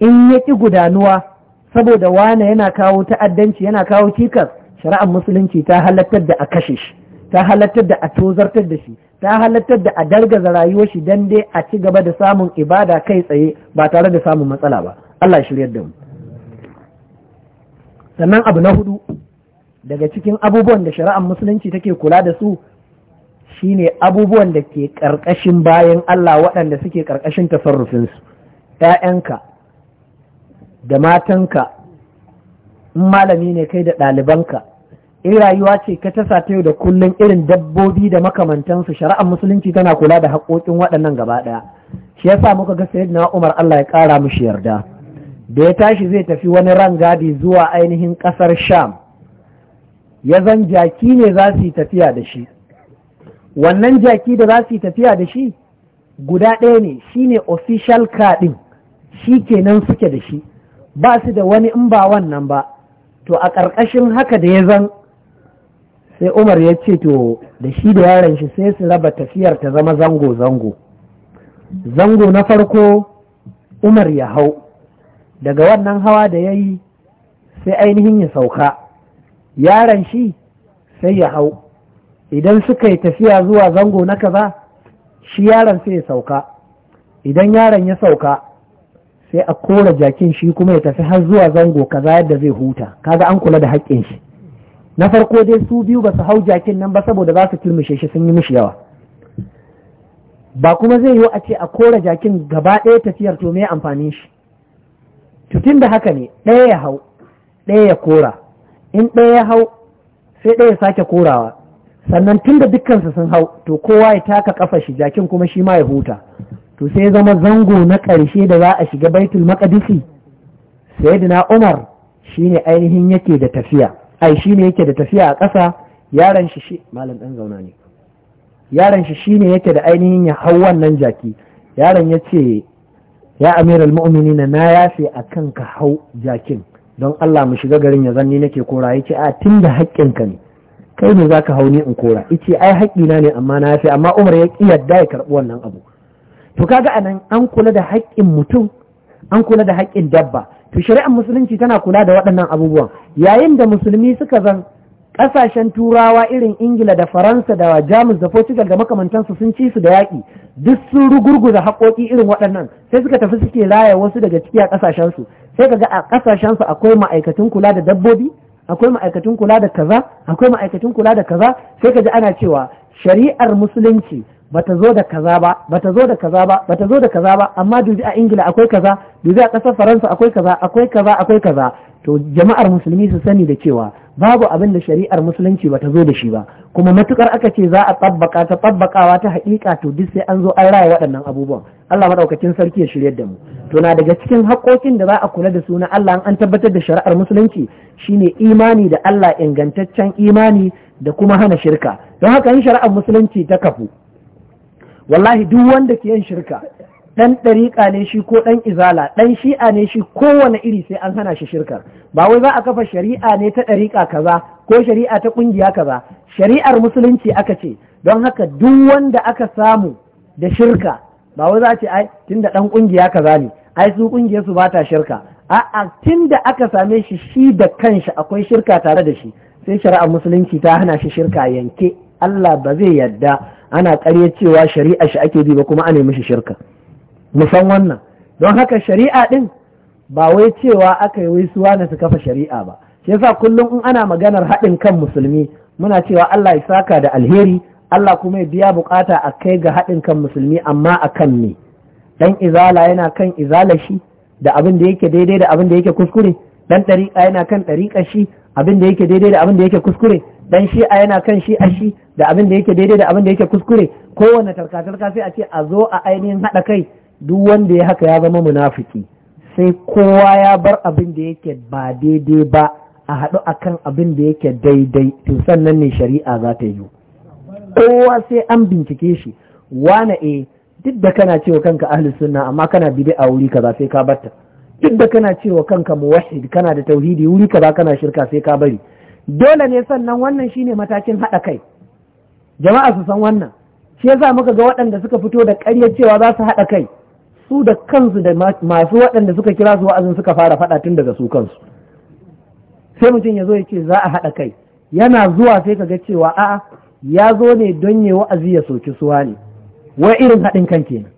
in ya ƙi gudanuwa saboda wane yana kawo ta'addanci yana kawo cikas shari'ar musulunci ta halattar da a kashe shi ta halattar da a tozartar da shi ta halattar da a dargaza rayuwar shi dan dai a ci gaba da samun ibada kai tsaye ba tare da samun matsala ba Allah shiryar da mu sannan abu na hudu daga cikin abubuwan da shari'ar musulunci take kula da su shine abubuwan da ke ƙarƙashin bayan Allah waɗanda suke ƙarƙashin tasarrufinsu ‘ya'yanka da matanka in malami ne kai da ɗalibanka in rayuwa ce ka tasa ta yau da kullum irin dabbobi da makamantansu shari'ar musulunci tana kula da haƙoƙin waɗannan gaba ɗaya shi sa muka ga sayyidina Umar Allah ya ƙara mushi yarda da ya tashi zai tafi wani rangadi zuwa ainihin ƙasar Sham ya zan jaki ne za su yi tafiya da shi wannan jaki da za su yi tafiya da shi guda ɗaya ne shi ne official kaɗin shi kenan suke da shi ba su da wani in ba wannan ba to a ƙarƙashin haka da ya zan sai umar ya ce to da shi da yaron shi sai su raba tafiyar ta zama zango-zango zango na farko umar ya hau daga wannan hawa da ya yi sai ainihin ya sauka yaran shi sai ya hau idan suka yi tafiya zuwa zango na kaza shi yaron sai ya sauka idan yaron ya sauka sai a kora jakin shi kuma ya tafi har zuwa zango kaza yadda zai huta kaga an kula da haƙƙin shi na farko dai su biyu ba su hau jakin nan ba saboda za su kilmishe shi sun yi mishi yawa ba kuma zai yiwu a ce a kora jakin gaba ɗaya tafiyar to me amfani shi tutun da haka ne ɗaya ya hau ɗaya ya kora in ɗaya ya hau sai ɗaya ya sake korawa sannan tun da dukkansu sun hau to kowa ya taka kafa shi jakin kuma shi ma ya huta to sai ya zama zango na ƙarshe da za a shiga baitul maqdisi sayyidina umar shine ainihin yake da tafiya ai shine yake da tafiya a ƙasa yaron shi shi malam dan zauna ne yaran shi shine yake da ainihin ya hau wannan jaki yaron ya ce ya amiral mu'minina na yafe akan ka hau jakin don Allah mu shiga garin ya zanni nake kora yake a tunda haƙƙinka ne kai ne hau ni in kora yace ai na ne amma na yafi amma Umar ya ki yadda ya karɓi wannan abu to kaga anan an kula da haƙƙin mutum an kula da haƙƙin dabba to shari'ar musulunci tana kula da waɗannan abubuwan yayin da musulmi suka zan ƙasashen turawa irin ingila da faransa da jamus da portugal da makamantansu sun ci su da yaƙi duk sun rugurguza haƙoƙi irin waɗannan sai suka tafi suke laya wasu daga ciki a ƙasashensu sai ka ga a ƙasashensu akwai ma'aikatan kula da dabbobi akwai ma'aikatun kula da kaza akwai ma'aikatun kula da kaza sai ka ji ana cewa shari'ar musulunci bata zo da kaza ba bata zo da kaza ba bata zo da kaza ba amma dubi a ingila akwai kaza dubi a kasar faransa akwai kaza akwai kaza akwai kaza to jama'ar musulmi su sani da cewa babu abin da shari'ar musulunci bata zo da shi ba kuma matukar aka ce za a tabbaka ta tabbakawa ta hakika, to duk sai an zo an raya waɗannan abubuwan Allah madaukakin sarki ya shiryar da mu to na daga cikin haƙoƙin da za a kula da su na Allah an tabbatar da shari'ar musulunci shine imani da Allah ingantaccen imani da kuma hana shirka don haka yin shari'ar musulunci ta kafu wallahi duk wanda ke yin shirka dan ɗariƙa ne shi ko dan izala dan shi'a ne shi kowane iri sai an hana shi shirka. ba wai za a kafa shari'a ne ta ɗariƙa kaza ko shari'a ta ƙungiya kaza shari'ar musulunci aka ce don haka duk wanda aka samu da shirka ba wai za ce ai ɗan ƙungiya ka kaza ne ai su ƙungiyar su ta shirka a'a tun da aka same shi shi da kanshi akwai shirka tare da shi sai shari'ar musulunci ta hana shi shirka yanke Allah ba zai yadda ana ƙarya cewa shari'a shi ake bi ba kuma ana mishi shirka san wannan don haka shari'a din ba wai cewa aka yi waisuwa na su kafa shari'a ba shi yasa kullum in ana maganar haɗin kan musulmi muna cewa Allah ya saka da alheri Allah kuma ya biya bukata a kai ga haɗin kan musulmi amma a kan me Ɗan izala yana kan izala shi da abin da yake daidai da abin da yake kuskure dan ɗariƙa yana kan ɗariƙa shi abin da yake daidai da abin da yake kuskure dan shi'a yana kan shi'a shi da abin da yake daidai da abin da yake kuskure kowane tarkatarka sai a ce a zo a ainihin haɗa kai duk wanda ya haka ya zama munafuki. sai kowa ya bar abin da yake ba daidai ba a haɗu akan abin da yake daidai to sannan ne shari'a za ta yi kowa sai an bincike shi wane e duk da kana cewa kanka ahli sunna amma kana a wuri kaza sai ka batta duk da kana cewa kanka muwahhid kana da tauhidi wuri kaza kana shirka sai ka bari dole ne sannan wannan shine matakin haɗa kai jama'a su san wannan shi yasa muka ga waɗanda suka fito da ƙarya cewa za su haɗa kai su da kansu da masu waɗanda suka kira su wa'azin suka fara faɗa tun daga su kansu sai mutum ya zo ya ce za a haɗa kai yana zuwa sai ka ga cewa a'a ya zo ne don ya wa'azi ya soki suwa ne wai irin haɗin kan kenan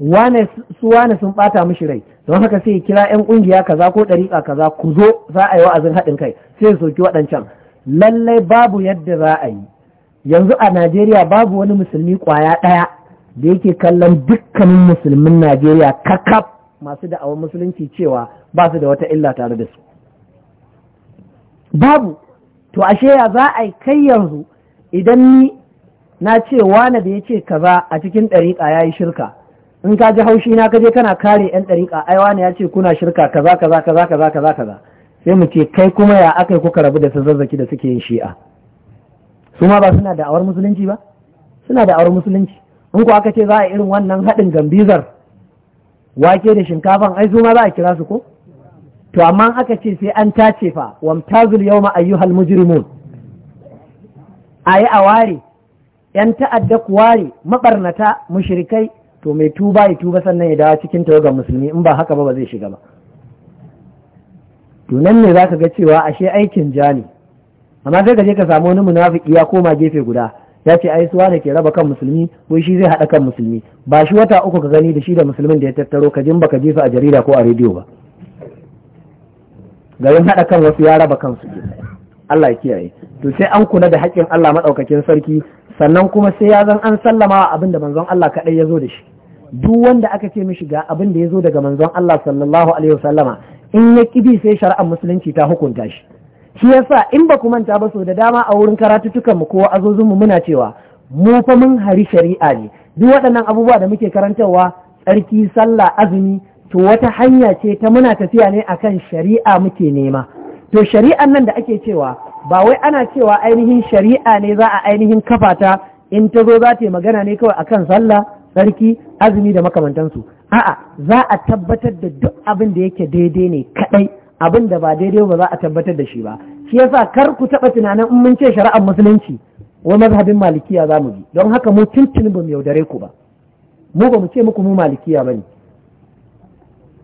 wane suwa ne sun ɓata mishi rai don haka sai kira yan ƙungiya kaza ko ɗariƙa kaza ku zo za a yi wa'azin haɗin kai sai ya soki waɗancan lallai babu yadda za a yi yanzu a najeriya babu wani musulmi ƙwaya ɗaya da yake kallon dukkanin musulmin najeriya kakaf masu da'awar musulunci cewa ba su da wata illa tare da su babu to ashe ya za a yi kai yanzu idan ni na ce wane da ya ce kaza a cikin ɗariƙa ya yi shirka in ka ji haushi na ka je kana kare yan ɗariƙa ai wane ya ce kuna shirka kaza kaza kaza kaza kaza kaza sai mu ce kai kuma ya aka yi kuka rabu da su zazzaki da suke yin shi'a su ma ba suna da awar musulunci ba suna da awar musulunci in ku aka ce za a irin wannan haɗin gambizar wake da shinkafan ai su ma za a kira su ko to amma aka ce sai an tace fa wamtazul yawma ayyuhal mujrimun a yi a ware ‘yan ta'adda ku ware maɓarnata mushrikai to mai tuba ya tuba sannan ya dawo cikin tawagar musulmi in ba haka ba ba zai shiga ba to nan ne za ka ga cewa ashe aikin ja ne amma sai ka je ka samu wani munafiki ya koma gefe guda ya ce ai suwa da ke raba kan musulmi wai shi zai haɗa kan musulmi ba shi wata uku ka gani da shi da musulmin da ya tattaro ka jin baka jefa a jarida ko a rediyo ba garin haɗa kan wasu ya raba kansu ke Allah ya kiyaye to sai an kula da haƙƙin Allah maɗaukakin sarki sannan kuma sai ya zan an sallama abin da manzon Allah kaɗai ya zo da shi duk wanda aka ce mishi ga abin da ya zo daga manzon Allah sallallahu alaihi wasallama in ya kibi sai shari'ar musulunci ta hukunta shi shi yasa in ba ku manta ba so da dama a wurin karatutukan mu ko azozin mu muna cewa mu fa mun hari shari'a ne duk waɗannan abubuwa da muke karantarwa tsarki sallah azumi to wata hanya ce ta muna tafiya ne akan shari'a muke nema to shari'an nan da ake cewa ba wai ana cewa ainihin shari'a ne za a ainihin kafata in ta zo za ta yi magana ne kawai akan sallah sarki azumi da makamantansu a'a za a tabbatar da duk abin da yake daidai ne kadai abin da ba daidai ba za a tabbatar da shi ba shi yasa kar ku taba tunanin in mun ce shari'ar musulunci wai mazhabin malikiya za mu bi don haka mu tuntuni ba mu yaudare ku ba mu ba mu ce muku mu malikiya ne.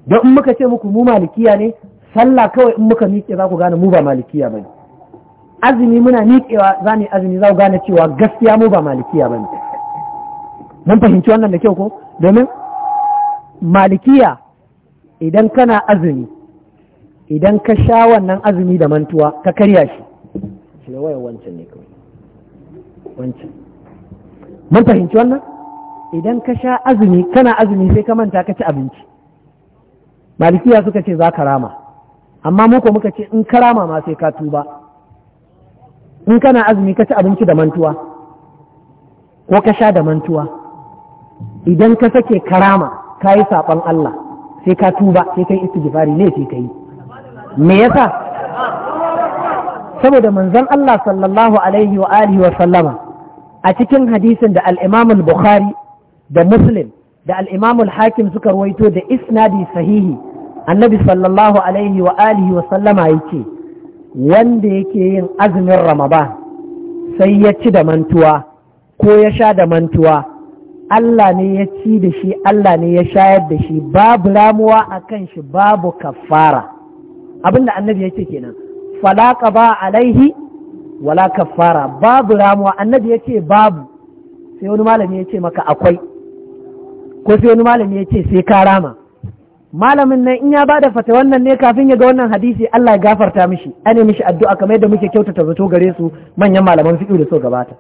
don in muka ce muku mu malikiya ne sallah kawai in muka miƙe za ku gane mu ba malikiya bane azumi muna miƙewa za mu azumi za ku gane cewa gaskiya mu ba malikiya bane mun fahimci wannan da kyau ko domin malikiya idan kana azumi idan ka sha wannan azumi da mantuwa ka karya shi shi waya wancan ne kawai wancan mun fahimci wannan idan ka sha azumi kana azumi sai ka manta ka ci abinci malikiya suka ce za ka rama amma muku muka ce in karama ma sai ka tuba in kana azumi ka ci abinci da mantuwa ko ka sha da mantuwa idan ka sake karama ka yi saɓon Allah sai ka tuba sai kai istighfari ne sai yi. me yasa saboda manzon Allah sallallahu alaihi wa alihi wa sallama a cikin hadisin da al-Imam al-Bukhari da Muslim da al-Imam al-Hakim suka ruwaito da isnadi sahihi annabi sallallahu alaihi wa alihi wa sallama yake wanda yake yin azumin ramadan sai ya ci da mantuwa ko ya sha da mantuwa Allah ne ya ci da shi Allah ne ya shayar da shi babu ramuwa a kan shi babu kafara abinda annabi yake kenan falaka ba alaihi wala kafara babu ramuwa annabi ya ce babu sai wani malami ya ce maka akwai ko sai wani malami ya ce sai ka rama malamin nan in ya ba da fata wannan ne kafin ya ga wannan hadisi Allah ya gafarta mishi ane mishi addu'a kamar yadda muke kyautata zato gare su manyan malaman fiqh da so gabata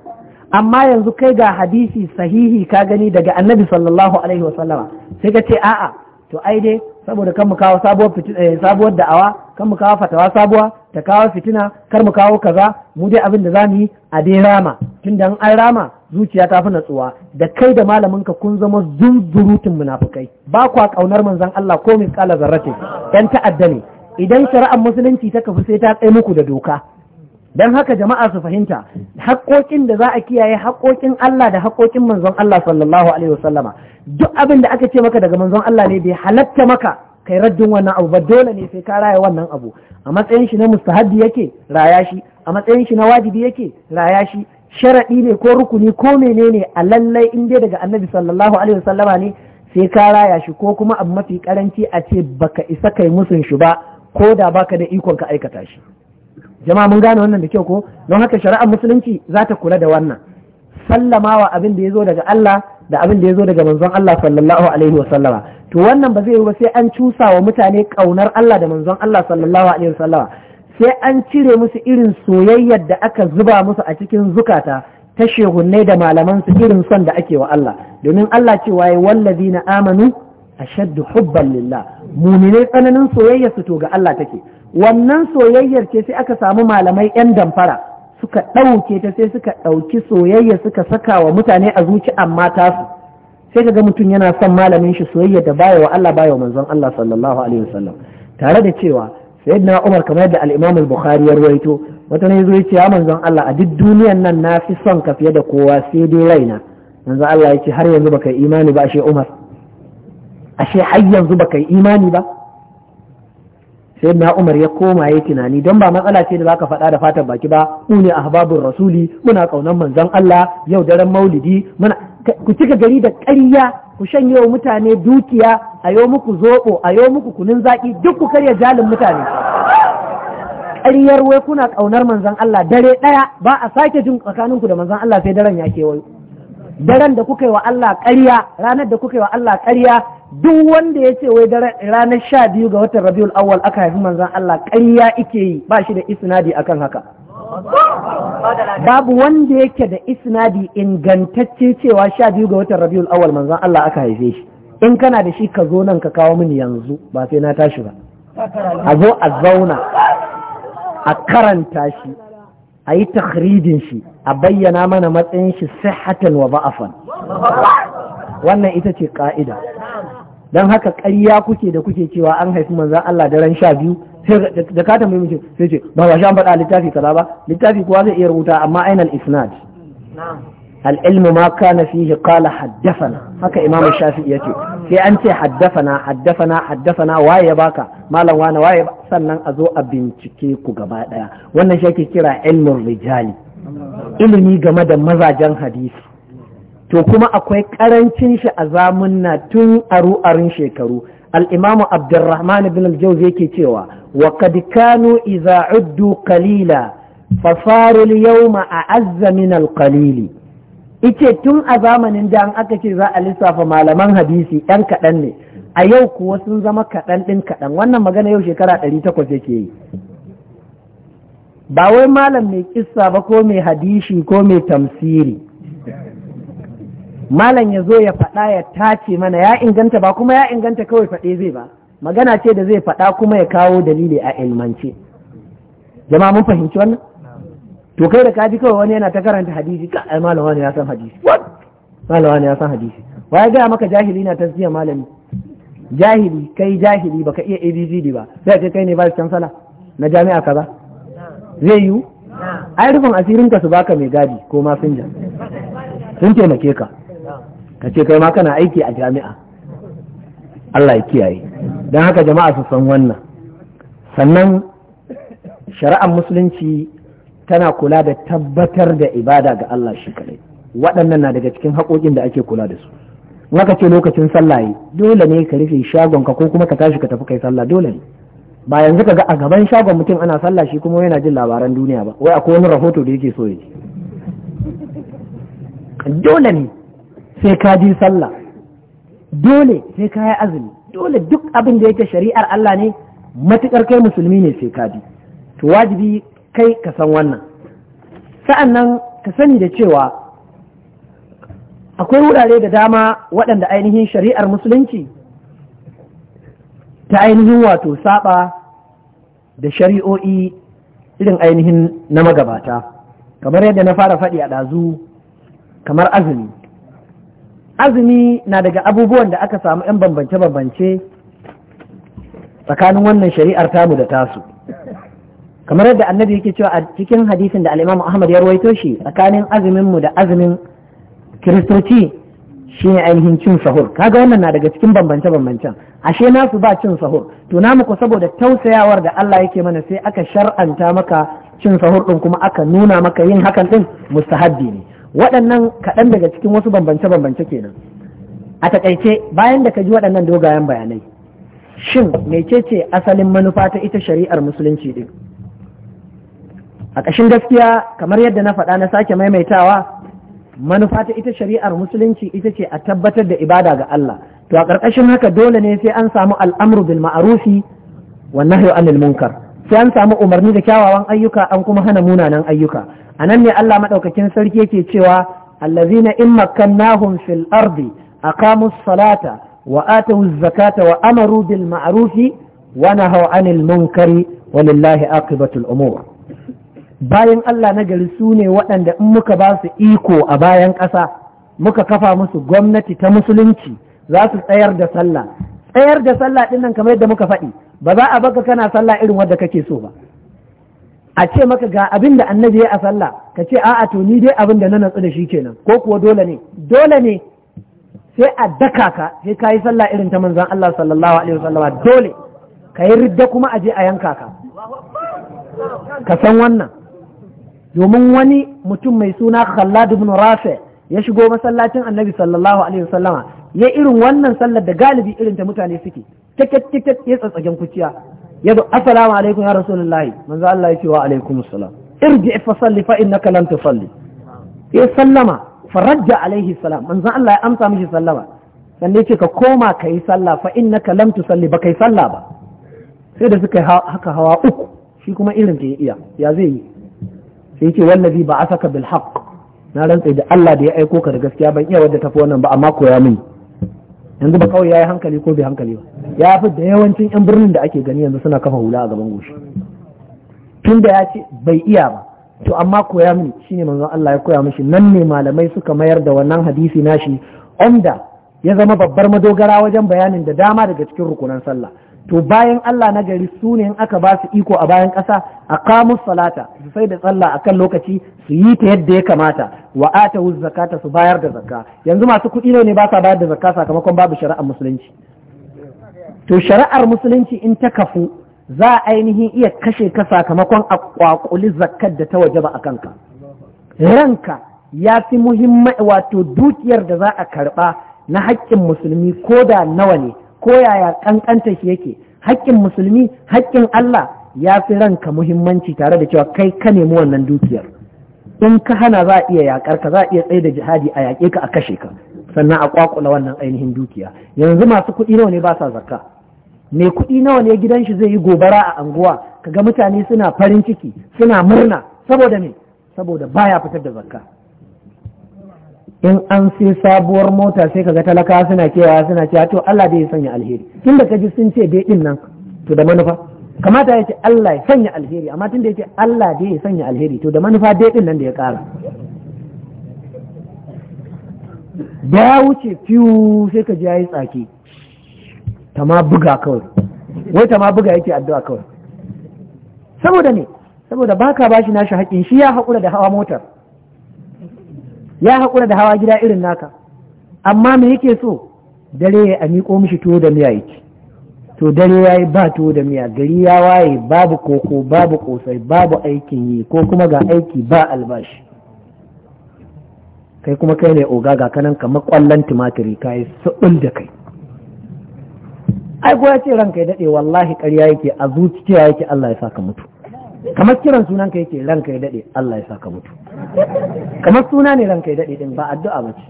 amma yanzu kai ga hadisi sahihi ka gani daga annabi sallallahu alaihi wasallama sai ka ce a'a to ai dai saboda kan mu kawo sabuwar eh, sabuwar da'awa kan mu kawo fatawa sabuwa ta kawo fitina kar mu kawo kaza mu dai abin da za mu yi a dai rama tun da an rama zuciya ta fi natsuwa da kai da malamin ka kun zama zunzurutun munafukai ba kwa kaunar manzon Allah ko mai kala zarrate dan ta'adda ne idan shari'ar musulunci ta kafi sai ta tsaye muku da doka dan haka jama'a su fahimta haƙoƙin da za a kiyaye haƙoƙin Allah da haƙoƙin manzon Allah sallallahu alaihi wasallama duk abin da aka ce maka daga manzon Allah ne bai halatta maka kai raddin wannan abu ba dole ne sai ka raya wannan abu a matsayin shi na mustahaddi yake raya shi a matsayin shi na wajibi yake raya shi sharaɗi ne ko rukuni ko menene a lallai in dai daga annabi sallallahu alaihi wasallama ne sai ka raya shi ko kuma abu mafi karanci a ce baka isa kai musun shi ba ko da baka da ikon ka aikata shi jama'a mun gane wannan da kyau ko don haka shari'ar musulunci za ta kula da wannan sallamawa abin da ya zo daga Allah da abin da ya zo daga manzon Allah sallallahu alaihi wasallama to wannan ba zai yi ba sai an cusa wa mutane ƙaunar Allah da manzon Allah sallallahu alaihi wasallama sai an cire musu irin soyayyar da aka zuba musu a cikin zukata ta shehunnai da malaman su irin son da ake wa Allah domin Allah cewa ya wallazi na amanu ashaddu hubban lillah mumine tsananin soyayyar su to ga Allah take wannan soyayyar ce sai aka samu malamai yan damfara suka ɗauke ta sai suka ɗauki soyayya suka saka wa mutane a zuci amma tasu sai kaga mutum yana son malamin shi soyayya da baya wa Allah baya wa manzon Allah sallallahu alaihi wasallam tare da cewa sayyidina Umar kamar yadda al-Imam al-Bukhari ya rawaito wata ne yazo ya manzon Allah a duk duniyar nan na fi son ka fiye da kowa sai dai raina manzon Allah ce har yanzu baka yi imani ba ashe Umar ashe har yanzu baka yi imani ba Sayyidina umar ya koma yayi tunani don ba matsala ce da zaka faɗa da fatan baki ba mu ne ahbabun rasuli muna kaunan manzon Allah yau daren maulidi muna ku cika gari da ƙarya ku shanye wa mutane dukiya a yau muku zoɓo a yau muku kunun zaƙi duk ku karya jalin mutane ƙaryar wai kuna ƙaunar manzan Allah dare ɗaya ba a sake jin tsakaninku da manzan Allah sai daren ya wayo daren da kuka yi wa Allah ƙarya ranar da kuka yi wa Allah ƙarya duk wanda ya ce wai ranar sha biyu ga watan rabiul awwal aka haifi manzan Allah ƙarya ike yi ba shi da isnadi akan haka babu wanda yake da isnadi ingantacce cewa sha biyu ga watan rabiul awal manzon Allah aka haife shi in kana da shi ka zo nan ka kawo mini yanzu ba sai na tashi ba a zo a zauna a karanta shi a yi takridin shi a bayyana mana matsayin shi sihatan wa ba'afan wannan ita ce ka'ida dan haka ƙarya kuke da kuke cewa an haifi manzan Allah da sha biyu sai da ka tambaye mutum sai ce ba wa shan faɗa littafi kaza ba littafi kuwa zai iya rubuta amma ainal isnad العلم ما كان فيه قال حدثنا هكا امام الشافعي يتي sai an ce haddafana haddafana haddafana waye baka malam wani waye sannan a zo a bincike ku gaba daya wannan shi ake kira ilmin rijali ilimi game da mazajen hadisi to kuma akwai karancin shi a zamunna tun aru-arun shekaru al'imamu abdurrahman ibn al-jawz yake cewa wa kad kanu idza uddu qalila fa farul yawma a'azza min al-qalili ice tun a zamanin da an aka ce za a lissafa malaman hadisi ɗan kaɗan ne a yau kuwa sun zama kaɗan ɗin kaɗan wannan magana yau shekara ɗari takwas yake yi ba wai malam mai kissa ba ko mai hadishi ko mai tamsiri malam ya zo ya faɗa ya tace mana ya inganta ba kuma ya inganta kawai faɗe zai ba magana ce da zai faɗa kuma ya kawo dalili a ilmance jama'a mun fahimci wannan to kai da ka ji kawai wani yana ta karanta hadisi ka ai malam wani ya san hadisi malam wani ya san hadisi waye ga maka jahili na tasbiya malami jahili kai jahili baka iya abcd ba sai ka kai ne ba san sala na jami'a kaza zai yiwu ai rufin asirin ka su baka mai gadi ko masinja sun taimake ka ka ce kai ma kana aiki a jami'a Allah ya kiyaye don haka jama'a su san wannan sannan shari'ar musulunci tana kula da tabbatar da ibada ga Allah shi kadai waɗannan na daga cikin haƙoƙin da ake kula da su maka ce lokacin sallah dole ne ka rufe ka ko kuma ka tashi ka tafi kai sallah dole ne ba yanzu ka ga a gaban shagon mutum ana sallah shi kuma yana jin labaran duniya ba wai akwai wani rahoto da yake so ya ji dole ne sai ka ji sallah dole sai ka yi azumi dole duk abin da yake shari'ar Allah ne matukar kai musulmi ne sai ka bi to wajibi kai ka san wannan sa'annan ka sani da cewa akwai wurare da dama waɗanda ainihin shari'ar musulunci ta ainihin wato saba da shari'o'i irin ainihin na magabata kamar yadda na fara faɗi a ɗazu kamar azumi azumi na daga abubuwan da aka samu 'yan bambance-bambance tsakanin wannan shari'ar tamu da tasu kamar yadda annabi yake cewa a cikin hadisin da al'imam ahmad ya rawaito shi tsakanin azumin da azumin kiristoci shi ne ainihin cin sahur kaga wannan na daga cikin bambance-bambancen ashe nasu ba cin sahur to namu ku saboda tausayawar da Allah yake mana sai aka shar'anta maka cin sahur ɗin kuma aka nuna maka yin hakan ɗin? mustahabbi ne waɗannan kaɗan daga cikin wasu bambance-bambance kenan a taƙaice bayan da ka ji waɗannan dogayen bayanai shin mecece asalin manufa ta ita shari'ar musulunci ɗin a ƙashin gaskiya kamar yadda na faɗa na sake maimaitawa manufa ta ita shari'ar musulunci ita ce a tabbatar da ibada ga Allah to a ƙarƙashin haka dole ne sai an samu al'amru bil ma'arufi wa nahyu anil munkar sai an samu umarni da kyawawan ayyuka an kuma hana munanan ayyuka a nan ne Allah maɗaukakin sarki yake cewa allazina in makkannahum fil ardi salata wa zakata wa amaru bil ma'rufi wa nahaw anil munkari walillahi aqibatul umur bayan Allah na gari su ne waɗanda in muka ba su iko a bayan ƙasa muka kafa musu gwamnati ta musulunci za su tsayar da sallah tsayar da sallah din nan kamar yadda muka faɗi ba za a baka kana sallah irin wadda kake so ba a ce maka ga abin da annabi ya a sallah ka ce a'a to ni dai abin da na natsu da shi kenan ko kuwa dole ne dole ne sai a daka ka sai ka yi sallah irin ta manzon Allah sallallahu alaihi wasallam dole ka yi ridda kuma a je a yanka ka ka san wannan domin wani mutum mai suna Khalid ibn Rafi' ya shigo masallacin annabi sallallahu alaihi wasallama ya irin wannan sallar da galibi irin ta mutane suke tiket tiket ya tsatsagen kuciya ya do assalamu alaikum ya rasulullahi manzo Allah ya ce wa alaikum assalam irji fa salli fa innaka lam tusalli ya sallama farajja alaihi salam manzo Allah ya amsa mishi sallama sannan ya ce ka koma ka yi sallah fa innaka lam tusalli ba kai sallah ba sai da suka haka hawa uku shi kuma irin ke ya iya ya zai yi sai ya ce wallazi ba'athaka bil haqq na rantse da Allah da ya aiko ka da gaskiya ban iya wadda tafi wannan ba amma koya mini yanzu ba kawai yayi hankali ko bai hankali ba ya fi da yawancin yan birnin da ake gani yanzu suna kafa hula a gaban goshi tun da ya ce bai iya ba to amma koya mini shine manzon Allah ya koya mishi nan ne malamai suka mayar da wannan hadisi nashi onda ya zama babbar madogara wajen bayanin da dama daga cikin rukunan sallah to bayan Allah na gari su in aka ba su iko a bayan ƙasa a kamus salata su sai da tsalla a kan lokaci su yi ta yadda ya kamata wa ata zakata su bayar da zakka yanzu masu kuɗi ne ne ba sa bayar da zakka sakamakon babu shari'ar musulunci to shari'ar musulunci in ta kafu za a ainihin iya kashe ka sakamakon a kwakuli zakkar da ta waje ba a kanka ranka ya fi muhimmai wato dukiyar da za a karɓa na haƙƙin musulmi ko da nawa ne ko yaya ƙanƙantar shi yake haƙƙin musulmi haƙƙin Allah ya fi ranka muhimmanci tare da cewa kai ka nemi wannan dukiyar in ka hana za a iya yaƙar ka za a iya tsaye da jihadi a yaƙe ka a kashe ka sannan a kwakula wannan ainihin dukiya yanzu masu kuɗi nawa ne ba sa zakka me kuɗi nawa ne gidan shi zai yi gobara a anguwa kaga mutane suna farin ciki suna murna saboda me saboda baya fitar da zakka in an sai sabuwar mota sai kaga talaka suna cewa suna cewa to Allah dai ya sanya alheri tun da kaji sun ce dai din nan to da manufa kamata yake Allah ya sanya alheri amma tun da Allah dai ya sanya alheri to da manufa dai din nan da ya kara da ya wuce fiu sai ka ji yayi tsaki ta ma buga kawai wai ta ma buga yake addu'a kawai saboda ne saboda baka bashi nashi haƙin shi ya haƙura da hawa motar ya haƙura da hawa gida irin naka amma me yake so dare ya a miƙo mishi tuwo da miya yake to dare ya yi ba tuwo da miya gari ya waye babu koko babu kosai babu aikin yi ko kuma ga aiki ba albashi kai kuma kai ne oga ga kanan kamar kwallon tumatiri ka yi saɓul da kai ai ya ce ranka ya daɗe wallahi ƙarya yake a zuciya yake Allah ya saka mutu kamar kiran sunan ka yake ranka ya dade Allah ya saka mutu kamar suna ne ranka ya dade din ba addu'a ba ce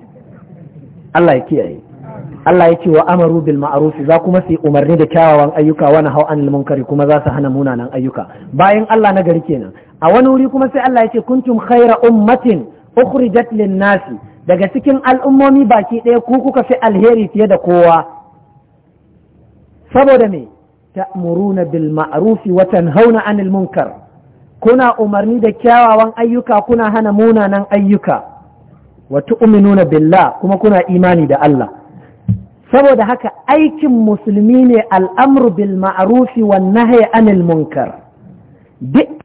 Allah ya kiyaye Allah ya ce wa amaru bil ma'ruf za kuma sai umarni da kyawawan ayyuka wani hau anil munkari kuma za su hana munanan ayyuka bayan Allah na gari kenan a wani wuri kuma sai Allah ya ce kuntum khaira ummatin ukhrijat lin nasi daga cikin al'ummomi baki ɗaya ku kuka fi alheri fiye da kowa saboda me ta'muruna bil ma'ruf wa tanhauna anil munkar kuna umarni da kyawawan ayyuka kuna hana munanan ayyuka wa tu'minuna billah kuma kuna imani da Allah saboda haka aikin musulmi ne al'amru bil ma'rufi wan nahyi anil munkar duk